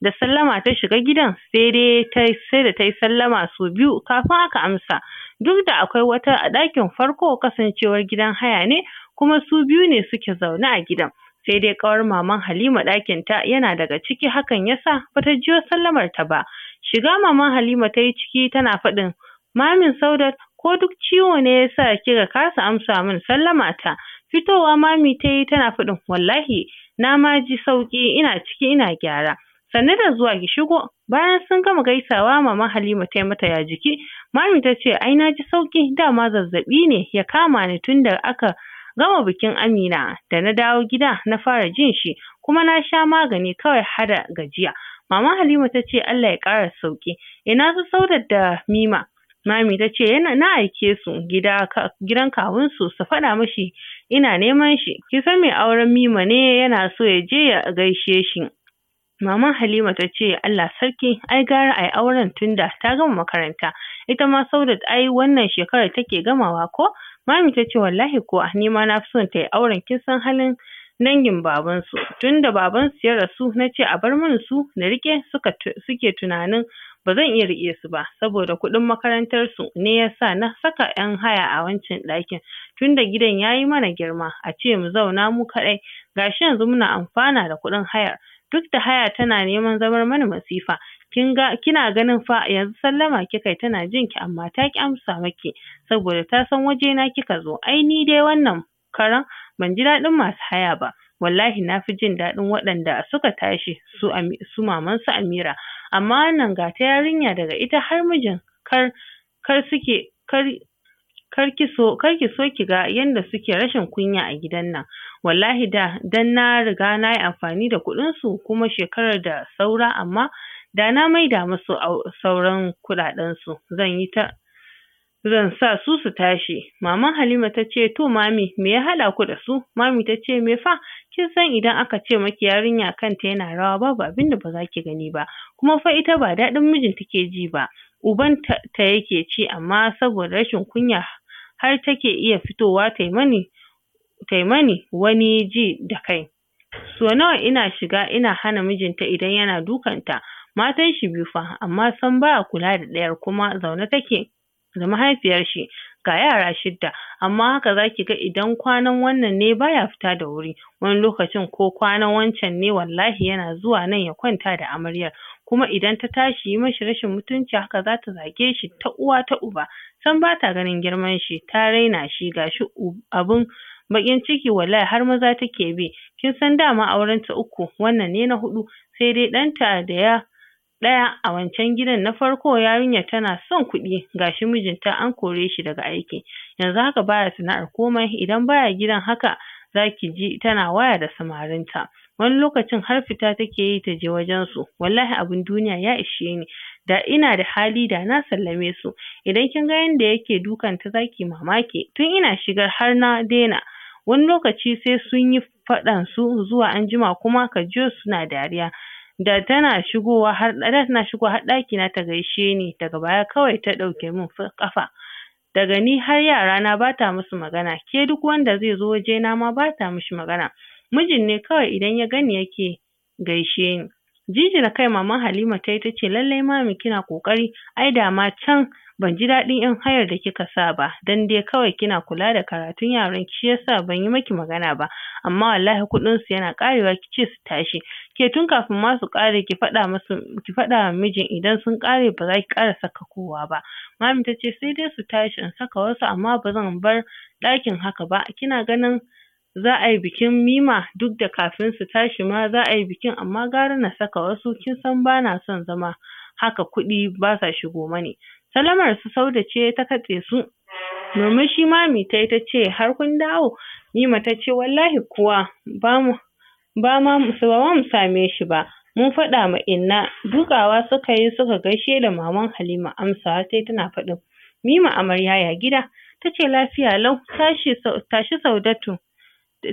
Da sallama ta shiga gidan sai dai sai da ta yi sallama sau biyu kafin aka amsa. Duk da akwai wata a ɗakin farko kasancewar gidan haya ne kuma su biyu ne suke zaune a gidan. Sai dai ƙawar maman Halima ɗakin ta yana daga ciki hakan yasa bata jiyo sallamar ta ba. Shiga maman Halima ta yi ciki tana faɗin Mamin Saudat ko duk ciwo ne yasa kika kasa amsa min sallama ta. Fitowa mami ta yi tana faɗin wallahi na ma ji sauƙi ina ciki ina gyara. Sannan da zuwa ki shigo. Bayan sun gama gaisawa maman Halima ta yi mata ya jiki. Mami ta ce ai na ji sauƙi dama zazzaɓi ne ya kama ni tun da aka gama bikin Amina da na dawo gida na fara jin shi kuma na sha magani kawai hada gajiya. Mama Halima ta ce Allah ya ƙara sauƙi. Ina su saudar da Mima. Mami ta ce yana na aike su gida gidan kawunsu su faɗa mashi ina neman shi ki san mai auren mima ne yana so ya je ya gaishe shi maman halima ta ce allah sarki ai gara ai auren tunda ta gama makaranta ita ma saudat ai wannan shekarar take gamawa ko mami ta ce wallahi ko ni ma na fi son ta yi auren kin san halin dangin babansu tunda babansu ya rasu na ce a bar min su na rike suke tunanin ba zan iya riƙe su ba saboda kuɗin makarantarsu su ne yasa na saka yan haya a wancan ɗakin tunda gidan yayi mana girma a ce mu zauna mu kaɗai gashi yanzu muna amfana da kuɗin hayar duk da haya tana neman zamar mana masifa kin kina ganin fa yanzu sallama kika yi tana jin ki amma ta ki amsa maki saboda ta san waje na kika zo ai ni dai wannan karan ban ji daɗin masu haya ba wallahi na fi jin daɗin waɗanda suka tashi su su maman su Amira amma wannan ga ta yarinya daga ita har mijin kar kar suke kar kar ki so kar ki so ki ga yanda suke rashin kunya a gidan nan wallahi da dan na riga na yi amfani da kuɗin su kuma shekarar da saura amma da na maida musu sauran kuɗaɗen su zan yi ta zan sa su su tashi. Maman Halima ta ce, To mami, me ya haɗa ku da su? Mami ta ce, Me fa, kin san idan aka ce maki yarinya kanta yana rawa babu abin da ba za ki gani ba, kuma fa ita ba daɗin mijin take ji ba. Uban ta yake ci amma saboda rashin kunya har take iya fitowa ta yi mani wani ji da kai. So nawa ina shiga ina hana mijinta idan yana dukanta, matan shi biyu fa, amma san baya kula da ɗayar kuma zaune take. Da mahaifiyar shi ga yara shidda amma haka zaki ga idan kwanan wannan ne baya fita da wuri wani lokacin ko kwanan wancan ne wallahi yana zuwa nan ya kwanta da amaryar kuma idan ta tashi yi mashi rashin mutunci haka za ta zage shi ta uwa ta uba san ba ganin girman shi ta raina shi ga shi abun bakin ciki wallahi har maza take bi kin san dama auren ta uku wannan ne na hudu sai dai ɗanta da ya ɗaya a wancan gidan na farko yarinya tana son kuɗi gashi mijinta an kore shi daga aiki yanzu haka baya sana'ar komai idan baya gidan haka zaki ji tana waya da samarinta wani lokacin har fita take yi ta je wajen su wallahi abin duniya ya ishe ni da ina da hali da na sallame su idan kin ga yanda yake dukan ta zaki mamaki tun ina shigar har na daina wani lokaci sai sun yi faɗan su zuwa anjima kuma ka suna dariya da tana shigowa har tana shigowa har ɗaki na ta gaishe ni daga baya kawai ta ɗauke min ƙafa daga ni har yara na bata musu magana ke duk wanda zai zo waje na ma bata mishi magana mijin ne kawai idan ya gani yake gaishe ni jijina kai maman Halima tayi ce, lallai mami kina kokari ai da ma can ban ji daɗin yan hayar da kika sa ba dan dai kawai kina kula da karatun yaran ki yasa ban yi maki magana ba amma wallahi kuɗin su yana ƙarewa kice su tashi ke tun kafin ma su ƙare ki faɗa musu ki faɗa mijin idan sun kare ba za ki ƙara saka kowa ba mami ta ce sai dai su tashi in saka wasu amma ba zan bar ɗakin haka ba kina ganin za a yi bikin mima duk da kafin su tashi ma za a yi bikin amma gara na saka wasu kin san ba na son zama haka kuɗi ba sa shigo mani salamar su sauda ce ta katse su murmushi mami ta yi ta ce har kun dawo mima ta ce wallahi kuwa ba mu ba ma mu same shi ba mun faɗa ma inna dukawa suka yi suka gaishe da maman Halima amsa sai tana faɗin Mima amarya ya gida ta ce lafiya lau tashi tashi Saudatu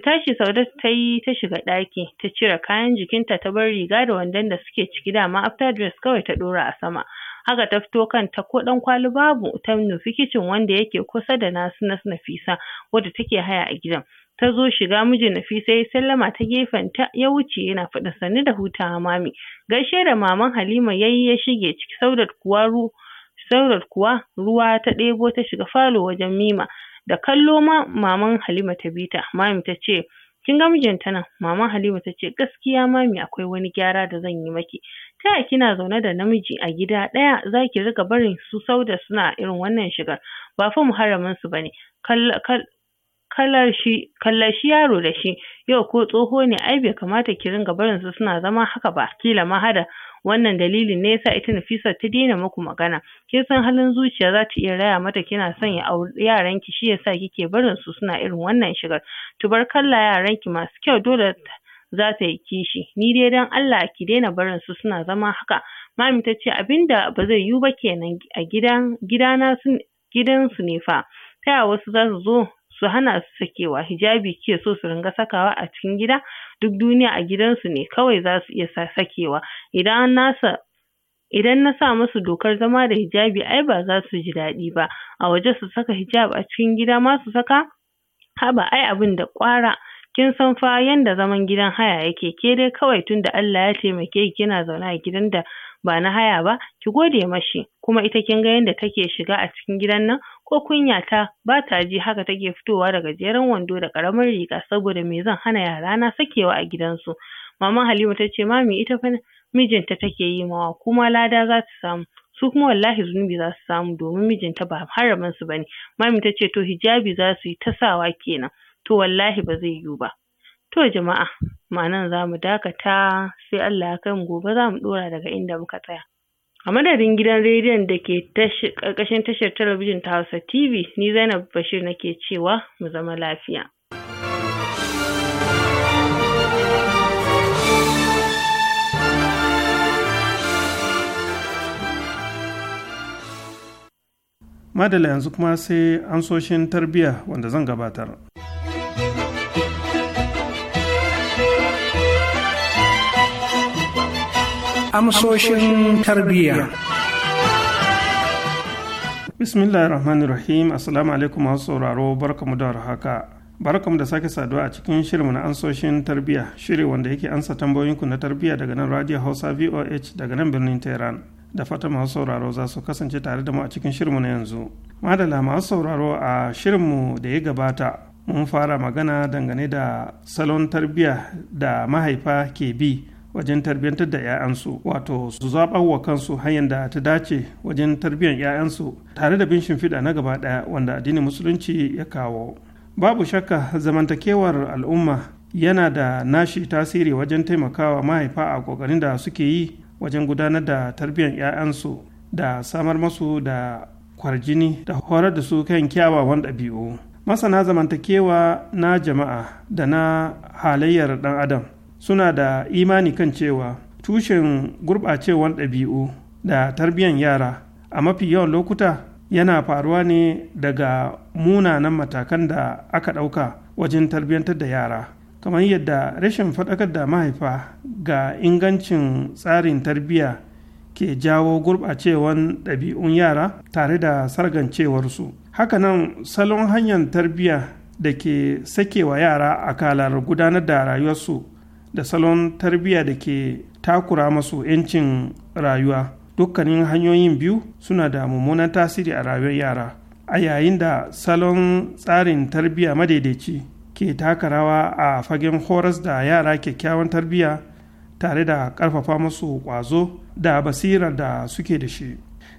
tashi Saudatu ta yi ta shiga ɗaki ta cire kayan jikinta ta bar riga da wandon da suke ciki dama after dress kawai ta ɗora a sama haka ta fito kanta ko ɗan kwali babu ta nufi kicin wanda yake kusa da nasu na Nafisa wadda take haya a gidan ta zo shiga mijin Nafisa ya sallama ta gefen ta ya wuce yana faɗa sannu da hutawa mami. Gaishe da maman Halima yayi ya shige ciki Saudat kuwa ru kuwa ruwa ta ɗebo ta shiga falo wajen Mima da kallo ma maman Halima ta bi ta. Mami ta ce kin ga mijinta nan maman Halima ta ce gaskiya mami akwai wani gyara da zan yi maki. Ta kina zaune da namiji a gida ɗaya zaki ki riƙa barin su Sauda suna irin wannan shigar ba fa muharramin su bane. kalar shi kallar shi yaro da shi yau ko tsoho ne ai bai kamata ki ringa barin su suna zama haka ba kila ma hada wannan dalilin ne yasa ita Nafisa ta daina muku magana kin san halin zuciya za ta iya raya mata kina son ya auri yaran ki shi yasa kike barin su suna irin wannan shigar kalla yaran ki masu kyau dole za ta yi kishi ni dai dan Allah ki daina barin su suna zama haka mami ta ce abinda ba zai yiwu ba kenan a gidan gidana sun ne fa ta wasu za su zo su hana su sakewa hijabi ke so su ringa sakawa a cikin gida duk duniya a gidansu ne kawai za su iya sakewa idan nasa idan na sa musu dokar zama da hijabi ai ba za su ji daɗi ba a waje su saka hijab a cikin gida ma su saka haba ai abin da ƙwara kin san fa yanda zaman gidan haya yake ke dai kawai tun da Allah ya taimake ki kina zaune a gidan da ba na haya ba ki gode mashi kuma ita kin ga yanda take shiga a cikin gidan nan ko kunya ta ba ta ji haka take fitowa daga gajeren wando da karamar riga saboda me zan hana yarana sakewa a gidansu maman halima ta ce mami ita fa mijinta take yi mawa kuma lada za ta samu su kuma wallahi zunubi za su samu domin mijinta ba haramin su bane mami ta ce to hijabi za su yi ta sawa kenan to wallahi ba zai yiwu ba to jama'a ma'anan za mu dakata sai Allah ya kai mu gobe za mu ɗora daga inda muka tsaya a madadin gidan rediyon da ke ƙarƙashin tashar talabijin ta hausa tv ni zainab bashir nake cewa mu zama lafiya madala yanzu kuma sai ansoshin tarbiyya wanda zan gabatar amsoshin tarbiyya. ar-Rahman ar rahim assalamu alaikum masu sauraro barkamu da haka barkamu da sake saduwa a cikin shirinmu na amsoshin tarbiyya shiri wanda yake ansa tambayoyinku na tarbiyya daga nan radio hausa voh daga nan birnin tehran da fata masu sauraro za su kasance tare da mu a cikin shirinmu na yanzu madala masu sauraro a shirinmu da ya gabata mun fara magana dangane da salon tarbiyya da mahaifa ke bi wajen tarbiyyantar da 'ya'yansu wato su zaɓar wa kansu hanyar da ta dace wajen tarbiyyar 'ya'yansu tare da bin shimfiɗa na gaba ɗaya wanda addinin musulunci ya kawo babu shakka zamantakewar al'umma yana da nashi tasiri wajen taimakawa mahaifa a ƙoƙarin da suke yi wajen gudanar da tarbiyyar 'ya'yansu da samar masu da kwarjini da horar da su kan kyawawan ɗabi'u masana zamantakewa na jama'a da na halayyar ɗan adam suna da imani kan cewa tushen gurɓacewar ɗabi'u da tarbiyyar yara a mafi yawan lokuta yana faruwa ne daga munanan matakan da aka ɗauka wajen tarbiyyantar da yara kamar yadda rashin faɗakar da mahaifa ga ingancin tsarin tarbiyya ke jawo gurɓacewar ɗabi'un yara tare da sargancewarsu hakanan salon hanyar tarbiyya da ke sakewa yara a kalar gudanar da rayuwarsu da salon tarbiyya da ke takura masu 'yancin rayuwa dukkanin hanyoyin biyu suna da mummunan tasiri a rayuwar yara a yayin da salon tsarin tarbiyya madaidaici ke takarawa a fagen horas da yara kyakkyawan tarbiyya tare da ƙarfafa masu ƙwazo da basira da suke da shi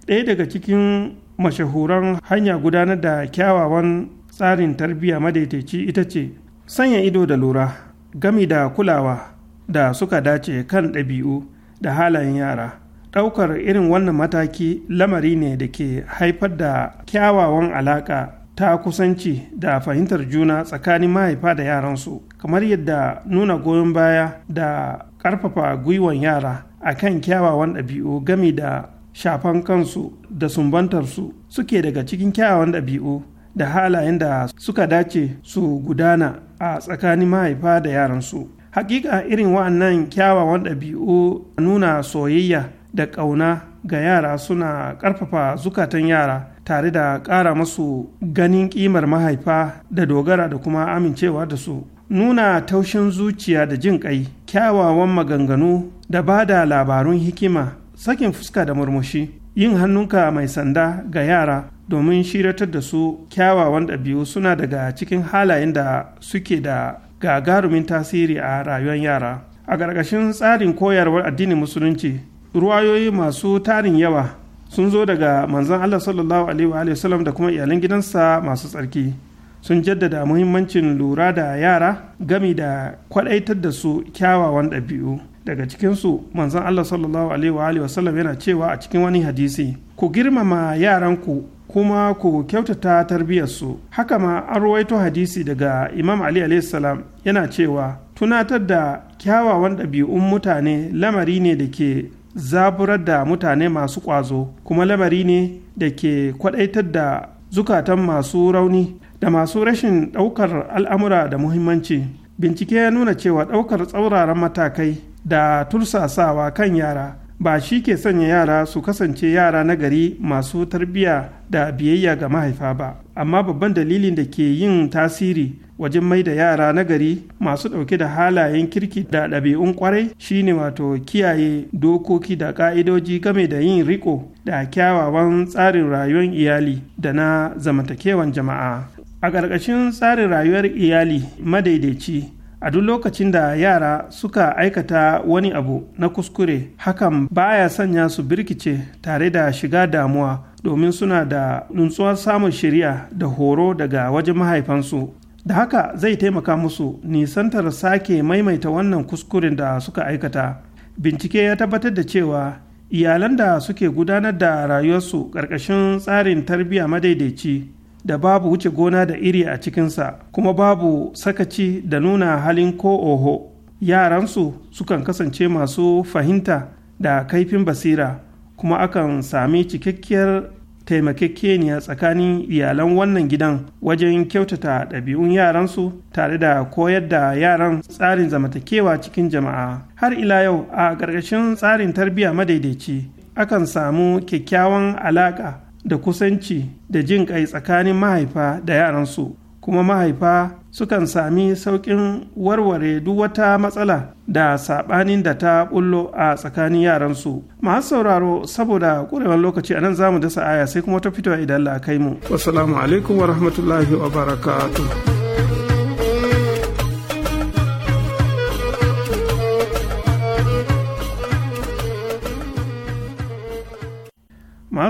ɗaya daga cikin mashahuran hanya gudanar da kyawawan tsarin tarbiyya madaidaici ita ce sanya ido da lura gami da kulawa da suka dace kan ɗabi'u da halayen yara ɗaukar irin wannan mataki lamari ne da ke haifar da kyawawan alaƙa ta kusanci da fahimtar juna tsakanin mahaifa da yaransu kamar yadda nuna goyon baya da ƙarfafa gwiwan yara a kan kyawawan ɗabi'u gami da shafan kansu da sumbantarsu suke daga cikin kyawawan ɗabi'u da halayen da suka dace su gudana a tsakanin mahaifa da yaransu hakika irin wa'annan kyawawan ɗabi'u nuna soyayya da ƙauna ga yara suna ƙarfafa zukatan yara tare da ƙara masu ganin ƙimar mahaifa da dogara da kuma amincewa da su nuna taushin zuciya da jin ƙai kyawawan maganganu da ba da labarun hikima sakin fuska da murmushi yin hannunka mai sanda ga yara domin shiratar da su kyawawan ɗabi'u suna daga cikin halayen da suke da gagarumin tasiri a rayuwar yara a ƙarƙashin tsarin koyarwar addinin musulunci ruwayoyi masu tarin yawa sun zo daga manzon allah sallallahu alaihi sallam da kuma iyalan gidansa masu tsarki sun jaddada muhimmancin lura da yara gami da kwaɗaitar da su kyawawan ɗabi'u daga cikinsu manzon allah sallallahu alaihi sallam yana cewa a cikin wani hadisi ku girmama yaranku kuma ku kyautata tarbiyyarsu haka ma an ruwaito hadisi daga imam ali salam yana cewa tunatar da kyawawan ɗabi'un mutane lamari ne da ke zaburar da mutane masu ƙwazo kuma lamari ne da ke kwaɗaitar da zukatan masu rauni da masu rashin ɗaukar al'amura da muhimmanci bincike ya nuna cewa ɗaukar tsauraran matakai da tursasawa kan yara ba shi ke sanya yara su kasance yara nagari masu tarbiyya da biyayya ga mahaifa ba amma babban dalilin da ke yin tasiri wajen mai da yara nagari, masu ɗauke da halayen kirki da ɗabi'un kwarai shine wato kiyaye dokoki da ƙa'idoji game da yin riko da kyawawan tsarin rayuwar iyali da na zamantakewan jama'a a ƙarƙashin tsarin rayuwar iyali madaidaici a duk lokacin da yara suka aikata wani abu na kuskure hakan baya sanya su birkice tare da shiga damuwa domin suna da nutsuwar samun shiriya da horo daga wajen mahaifansu da haka zai taimaka musu nisantar sake maimaita wannan kuskuren da suka aikata bincike ya tabbatar da cewa iyalan da suke gudanar da rayuwarsu ƙarƙashin tsarin tarbiyya madaidaici da babu wuce gona da iri a cikinsa kuma babu sakaci da nuna halin ko oho yaransu sukan kasance masu fahimta da kaifin basira kuma akan sami cikakkiyar taimakekeniya tsakanin iyalan wannan gidan wajen kyautata ɗabi'un yaransu tare da koyar da yaran tsarin zamantakewa cikin jama'a har ila yau a ƙarƙashin tsarin tarbiyya madaidaici akan samu kyakkyawan alaƙa da kusanci da jin ƙai tsakanin mahaifa da yaransu kuma mahaifa sukan sami sauƙin warware duk wata matsala da saɓanin da ta bullo a tsakanin yaransu masu sauraro saboda ƙurewar lokaci a nan za mu dasa aya sai kuma ta fitowa idan la kai mu wasu alaikum wa rahmatullahi wa barakatuh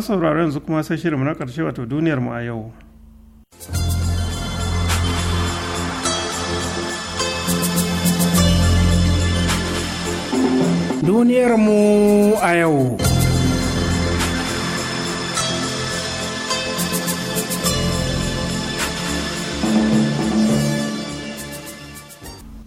sauraron yanzu kuma sai shirinmu na ƙarshe wato duniyarmu a yau. Duniyarmu a yau.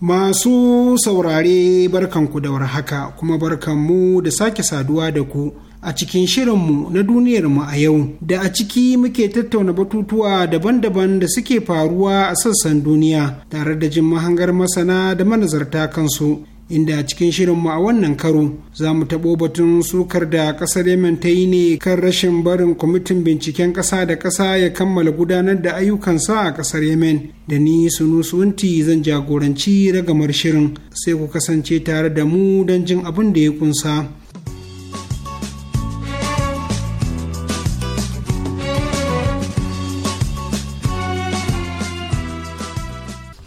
Masu saurare barkanku da warhaka kuma barkanmu da sake saduwa da ku. a cikin shirinmu na duniyarmu a yau da a ciki muke tattauna batutuwa daban-daban da suke faruwa a sassan duniya tare da jin mahangar masana da manazarta kansu inda a cikin shirinmu a wannan karo za mu taɓo batun sukar da ƙasar yamen ta yi ne kan rashin barin kwamitin binciken ƙasa da ƙasa ya kammala gudanar da ayyukansa a ƙasar yemen da ni sunu sunti zan jagoranci ragamar shirin sai ku kasance tare da mu don jin abin da ya kunsa.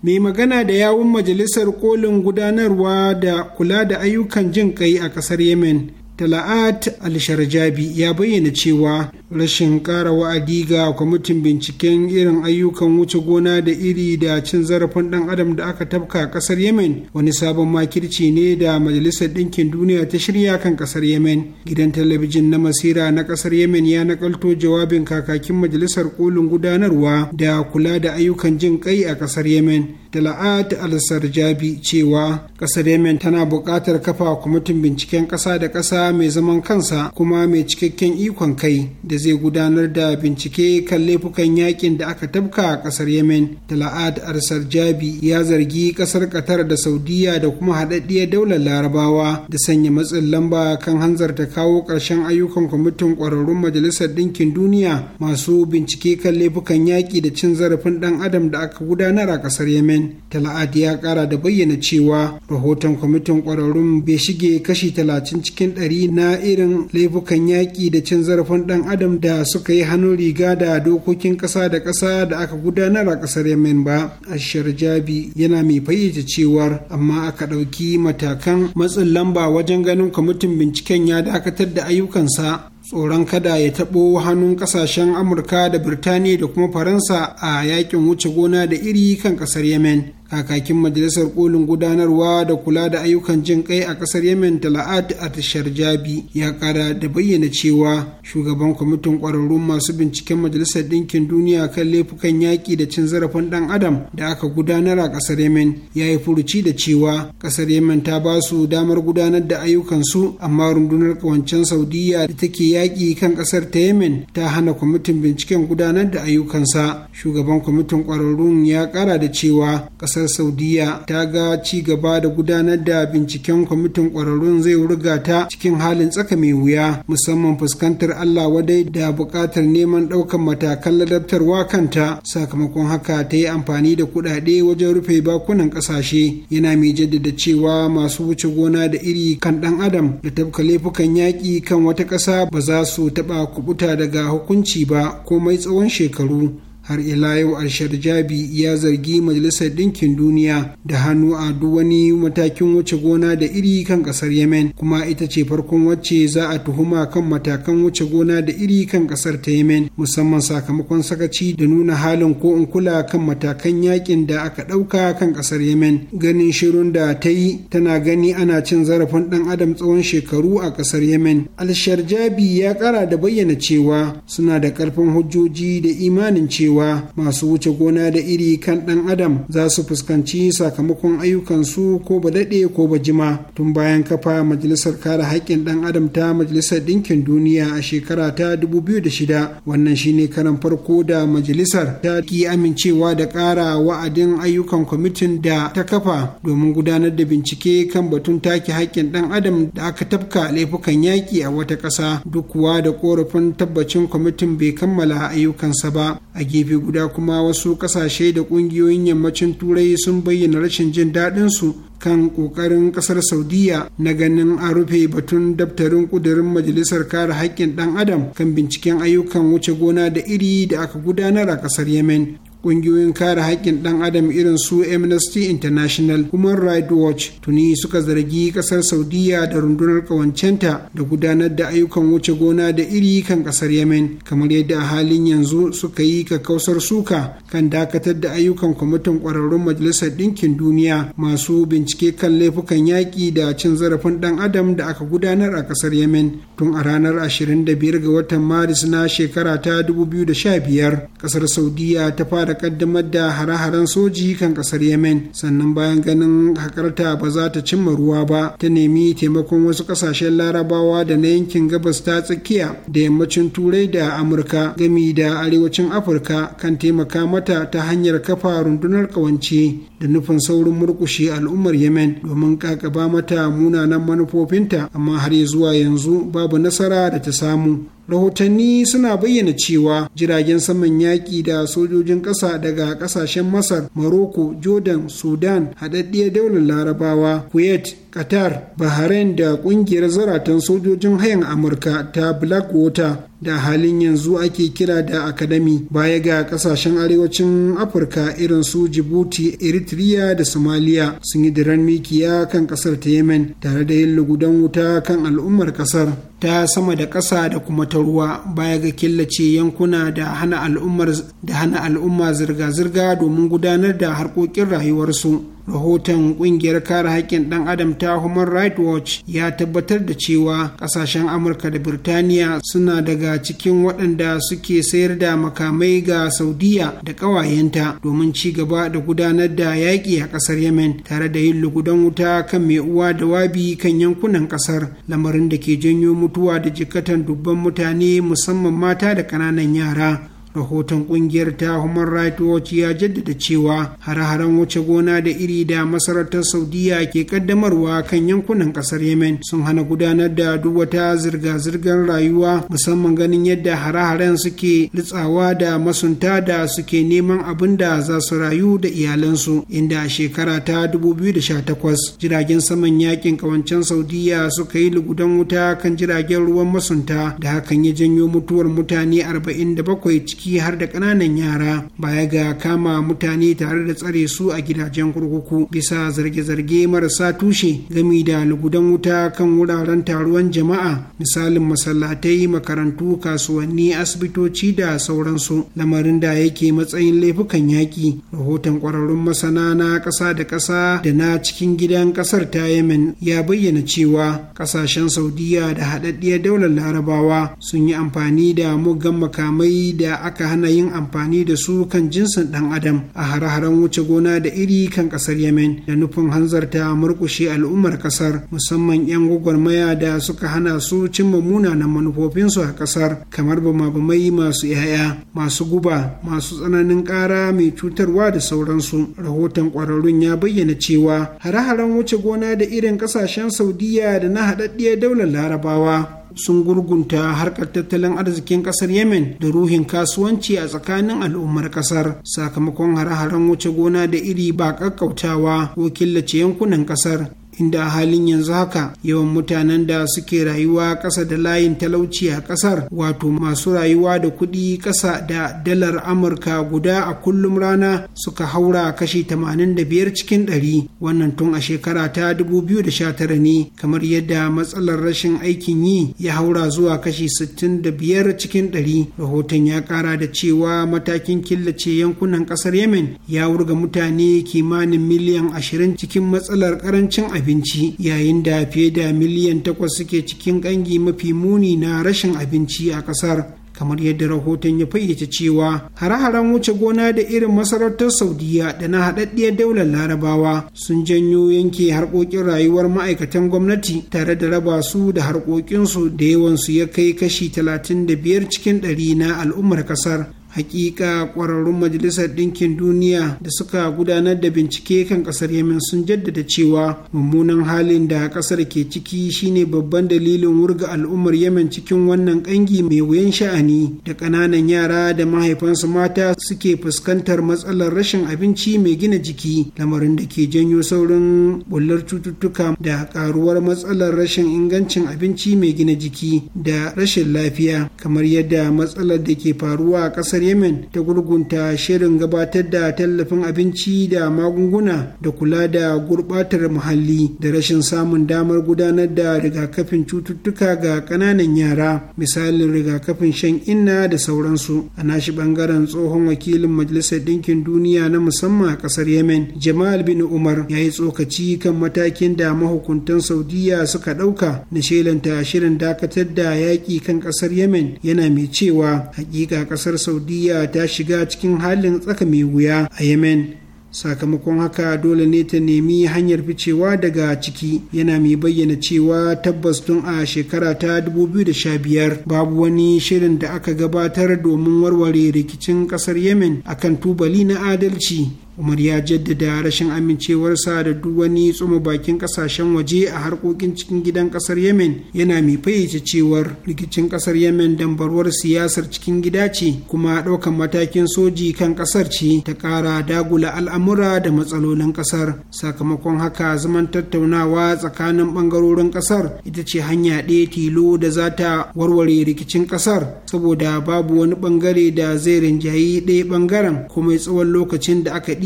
mai magana da yawun majalisar kolin gudanarwa da kula da ayyukan jin kai a kasar yemen Tala'at Alisharjabi ya bayyana cewa rashin ƙara wa'adi ga kwamitin binciken irin ayyukan wuce gona da iri da cin zarafin ɗan adam da aka tafka a ƙasar Yemen wani sabon makirci ne da Majalisar Ɗinkin Duniya ta shirya kan ƙasar Yemen. Gidan talabijin na Masira na ƙasar Yemen ya nakalto jawabin kakakin Majalisar Kolin Gudanarwa da kula da ayyukan jin ƙai a ƙasar Yemen. Tala'at al-Sarjabi cewa ƙasar Yemen tana buƙatar kafa kwamitin binciken ƙasa da ƙasa mai zaman kansa kuma mai cikakken ikon kai da zai gudanar da bincike kan laifukan yakin da aka tabka a ƙasar Yemen. Tala'at al-Sarjabi ya zargi ƙasar Qatar da Saudiya da kuma haɗaɗɗiyar daular Larabawa da sanya matsin lamba kan hanzarta kawo ƙarshen ayyukan kwamitin ƙwararrun Majalisar Ɗinkin Duniya masu bincike kan laifukan yaƙi da cin zarafin ɗan adam da aka gudanar a ƙasar Yemen. tala'ad ya kara da bayyana cewa rahoton kwamitin kwararrun bai shige kashi talatin cikin ɗari na irin laifukan yaƙi da cin zarafin ɗan adam da suka yi hannun riga da dokokin ƙasa da ƙasa da aka gudanar a ƙasar yemen ba ashar jabi yana mai fayyace cewar amma aka ɗauki matakan matsin lamba wajen ganin kwamitin binciken ya dakatar da ayyukansa tsoron kada ya taɓo hannun kasashen amurka da birtaniya da kuma faransa a yakin wuce gona da iri kan ƙasar yemen kakakin majalisar kolin gudanarwa da kula da ayyukan jin kai a kasar yemen tala'at tashar jabi ya kara da bayyana cewa shugaban kwamitin kwararrun masu binciken majalisar ɗinkin duniya kan laifukan yaƙi da cin zarafin ɗan adam da aka gudanar a ƙasar yemen ya yi furuci da cewa ƙasar yemen ta ba su damar gudanar da ayyukan su amma rundunar kawancen saudiya da take yaƙi kan ƙasar ta yamen ta hana kwamitin binciken gudanar da ayyukansa shugaban kwamitin kwararrun ya kara da cewa kasar saudiya ta ga ci gaba da gudanar da binciken kwamitin kwararrun zai wurga ta cikin halin tsaka mai wuya musamman fuskantar allah wadai da buƙatar neman ɗaukan matakan ladabtarwa kanta sakamakon haka ta yi amfani da kuɗaɗe wajen rufe bakunan ƙasashe yana mai jaddada cewa masu wuce gona da iri kan ɗan adam da tabka laifukan yaƙi kan wata ƙasa ba za su taɓa kubuta daga hukunci ba komai tsawon shekaru har ila yau alshar-jabi ya zargi majalisar ɗinkin duniya da hannu a duk wani matakin wuce gona da iri kan ƙasar yemen kuma ita ce farkon wacce za a tuhuma kan matakan wuce gona da iri kan ƙasar ta yemen musamman sakamakon sakaci da nuna halin ko in kula kan matakan yakin da aka ɗauka kan ƙasar yemen ganin shirin da ta yi tana gani ana cin zarafin ɗan adam tsawon shekaru a ƙasar yemen alsharjabi ya ƙara da bayyana cewa suna da ƙarfin hujjoji da imanin cewa cewa masu wuce gona da iri kan ɗan adam za su fuskanci sakamakon ayyukansu ko ba daɗe ko ba jima tun bayan kafa majalisar kare haƙƙin ɗan adam ta majalisar ɗinkin duniya a shekara ta 2006 wannan shine karan farko da majalisar ta ki amincewa da ƙara wa'adin ayyukan kwamitin da ta kafa domin gudanar da bincike kan batun take haƙƙin ɗan adam da aka tafka laifukan yaƙi a wata ƙasa duk kuwa da ƙorafin tabbacin kwamitin bai kammala ayyukansa ba a gefe gefe guda kuma wasu kasashe da kungiyoyin yammacin turai sun bayyana rashin jin daɗin su kan ƙoƙarin ƙasar saudiya na ganin a rufe batun daftarin ƙudurin majalisar kare haƙƙin ɗan adam kan binciken ayyukan wuce gona da iri da aka gudanar a ƙasar yemen ƙungiyoyin kare haƙƙin ɗan adam irin su amnesty international human rights watch tuni suka zargi ƙasar saudiya da rundunar ƙawancenta da gudanar da ayyukan wuce gona da iri kan ƙasar yemen kamar yadda a halin yanzu suka yi kakkausar suka kan dakatar da ayyukan kwamitin ƙwararrun majalisar ɗinkin duniya masu bincike kan laifukan yaƙi da cin zarafin ɗan adam da aka gudanar a ƙasar yemen tun a ranar 25 ga watan maris na shekara ta 2015 ƙasar saudiya ta fara kaddamar da hare-haren soji kan kasar yemen sannan bayan ganin hakarta ba za ta cimma ruwa ba ta nemi taimakon wasu kasashen larabawa da na yankin gabas ta tsakiya da yammacin turai da amurka gami da arewacin afirka kan taimaka mata ta hanyar kafa rundunar kawance da nufin saurin murkushe al'ummar yemen domin kakaba mata munanan manufofinta amma har zuwa yanzu babu nasara da ta samu rahotanni suna bayyana cewa jiragen saman yaƙi da sojojin ƙasa daga ƙasashen masar maroko jordan sudan haɗaɗɗiyar daular larabawa kuwait qatar bahrain da kungiyar zaratan sojojin hayan amurka ta blackwater da halin yanzu ake kira da akadami baya ga kasashen arewacin afirka irin su djibouti eritrea da somalia sun yi diran mikiya kan kasar ta yemen tare da yin lugudan wuta kan al'ummar kasar ta sama da ƙasa da kuma ta ruwa baya ga killace yankuna da hana al'umma zirga-zirga domin gudanar da harkokin rayuwarsu rahoton kungiyar kare haƙƙin ɗan adam ta human rights watch ya tabbatar da cewa ƙasashen amurka da birtaniya suna daga cikin waɗanda suke sayar da makamai ga saudiya da ƙawayenta domin ci gaba da gudanar da yaƙi a ƙasar yemen tare da yin lugudan wuta kan mai uwa da wabi kan yankunan ƙasar lamarin da ke janyo mutuwa da jikatan dubban mutane musamman mata da ƙananan yara rahoton kungiyar ta human rights watch ya jaddada cewa hare-haren wuce gona da iri da masarautar saudiya ke kaddamarwa kan yankunan kasar yemen sun hana gudanar da duk wata zirga-zirgar rayuwa musamman ganin yadda hare-haren suke litsawa da masunta da suke neman abin da za su rayu da iyalansu inda shekara ta 2018 jiragen saman yakin kawancen saudiya suka yi lugudan wuta kan jiragen ruwan masunta da hakan ya janyo mutuwar mutane 47 ciki ciki har da ƙananan yara baya ga kama mutane tare da tsare su a gidajen kurkuku bisa zarge-zarge marasa tushe gami da lugudan wuta kan wuraren taruwan jama'a misalin masallatai makarantu kasuwanni asibitoci da sauransu lamarin da yake matsayin laifukan yaƙi rahoton ƙwararrun masana na ƙasa da ƙasa da na cikin gidan ƙasar ta yemen ya bayyana cewa ƙasashen saudiya da haɗaɗɗiyar daular larabawa sun yi amfani da mugan makamai da aka aka hana yin amfani da su kan jinsin ɗan adam a hare-haren wuce gona da iri kan ƙasar yemen da nufin hanzarta murƙushe al'ummar ƙasar musamman 'yan gwagwarmaya da suka hana su cimma munanan manufofinsu a ƙasar kamar bamabamai masu 'ya'ya masu guba masu tsananin ƙara mai cutarwa da sauransu rahoton ƙwararrun ya bayyana cewa hare-haren wuce gona da irin ƙasashen saudiya da na haɗaɗɗiyar daular larabawa sun gurgunta harkar tattalin arzikin kasar yemen da ruhin kasuwanci a tsakanin al'ummar kasar sakamakon hare-haren wuce gona da iri ba kakkautawa ko killace yankunan kasar inda a halin yanzu haka yawan mutanen da suke rayuwa ƙasa da layin talauci a ƙasar wato masu rayuwa da kuɗi ƙasa da dalar amurka guda a kullum rana suka haura kashi 85 cikin 100 wannan tun a shekara ta 2019 ne kamar yadda matsalar rashin aikin yi ya haura zuwa kashi 65 cikin 100 rahoton ya ƙara da cewa matakin killace yankunan ƙasar yemen ya wurga mutane kimanin miliyan 20 cikin matsalar ƙarancin abinci abinci yayin da fiye da miliyan takwas suke cikin ƙangi mafi muni na rashin abinci a ƙasar kamar yadda rahoton ya fayyace cewa hare-haren wuce gona da irin masarautar saudiya da na haɗaɗɗiyar daular larabawa sun janyo yanke harkokin rayuwar ma'aikatan gwamnati tare da raba su da harkokinsu da yawansu ya kai kashi 35 cikin ɗari na al'ummar ƙasar hakika kwararrun majalisar ɗinkin duniya da suka gudanar da bincike kan ƙasar yemen sun jaddada cewa mummunan halin da ƙasar ke ciki shine babban dalilin wurga al'ummar yemen cikin wannan ƙangi mai wuyan sha'ani da ƙananan yara da mahaifansu mata suke fuskantar matsalar rashin abinci mai gina jiki lamarin da ke janyo saurin bullar cututtuka da ƙaruwar matsalar rashin ingancin abinci mai gina jiki da rashin lafiya kamar yadda matsalar da ke faruwa a ƙasar yemen ta gurgunta shirin gabatar da tallafin abinci da magunguna da kula da gurbatar muhalli da rashin samun damar gudanar da rigakafin cututtuka ga ƙananan yara misalin rigakafin shan inna da sauransu a nashi bangaren tsohon wakilin majalisar ɗinkin duniya na musamman a ƙasar yemen jamal bin umar ya yi tsokaci kan matakin da mahukuntan saudiya suka ɗauka na shelanta shirin dakatar da yaƙi kan ƙasar yemen yana mai cewa hakika ƙasar saudiya siriya ta shiga cikin halin tsaka mai wuya a yemen sakamakon haka dole ne ta nemi hanyar ficewa daga ciki yana mai bayyana cewa tabbas tun a shekara ta 2015 babu wani shirin da aka gabatar domin warware rikicin kasar yemen akan tubali na adalci umar ya jaddada rashin amincewarsa da duk wani tsoma bakin kasashen waje a harkokin cikin gidan kasar yemen yana mai fayyace cewar rikicin kasar yemen dambarwar siyasar cikin gida ce kuma ɗaukan matakin soji kan kasar ce ta kara dagula al'amura da matsalolin kasar sakamakon haka zaman tattaunawa tsakanin ɓangarorin kasar ita ce hanya ɗaya tilo da za ta warware rikicin kasar saboda babu wani bangare da zai rinjayi ɗaya ɓangaren kuma tsawon lokacin da aka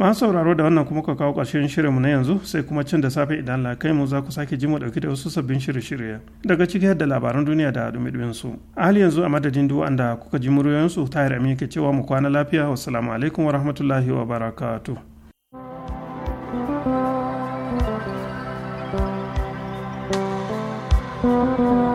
masu sauraro da wannan kuma ka kawo ƙarshen shirinmu na yanzu sai kuma can da safe idan Allah kai mu za ku sake ji mu dauki da wasu sabbin shirye-shirye daga ciki da labaran duniya da dumi su a hali yanzu a madadin duk da kuka ji su ta amin ke cewa mu kwana lafiya Wa salamu alaikum wa rahmatullahi wa barakatu. thank you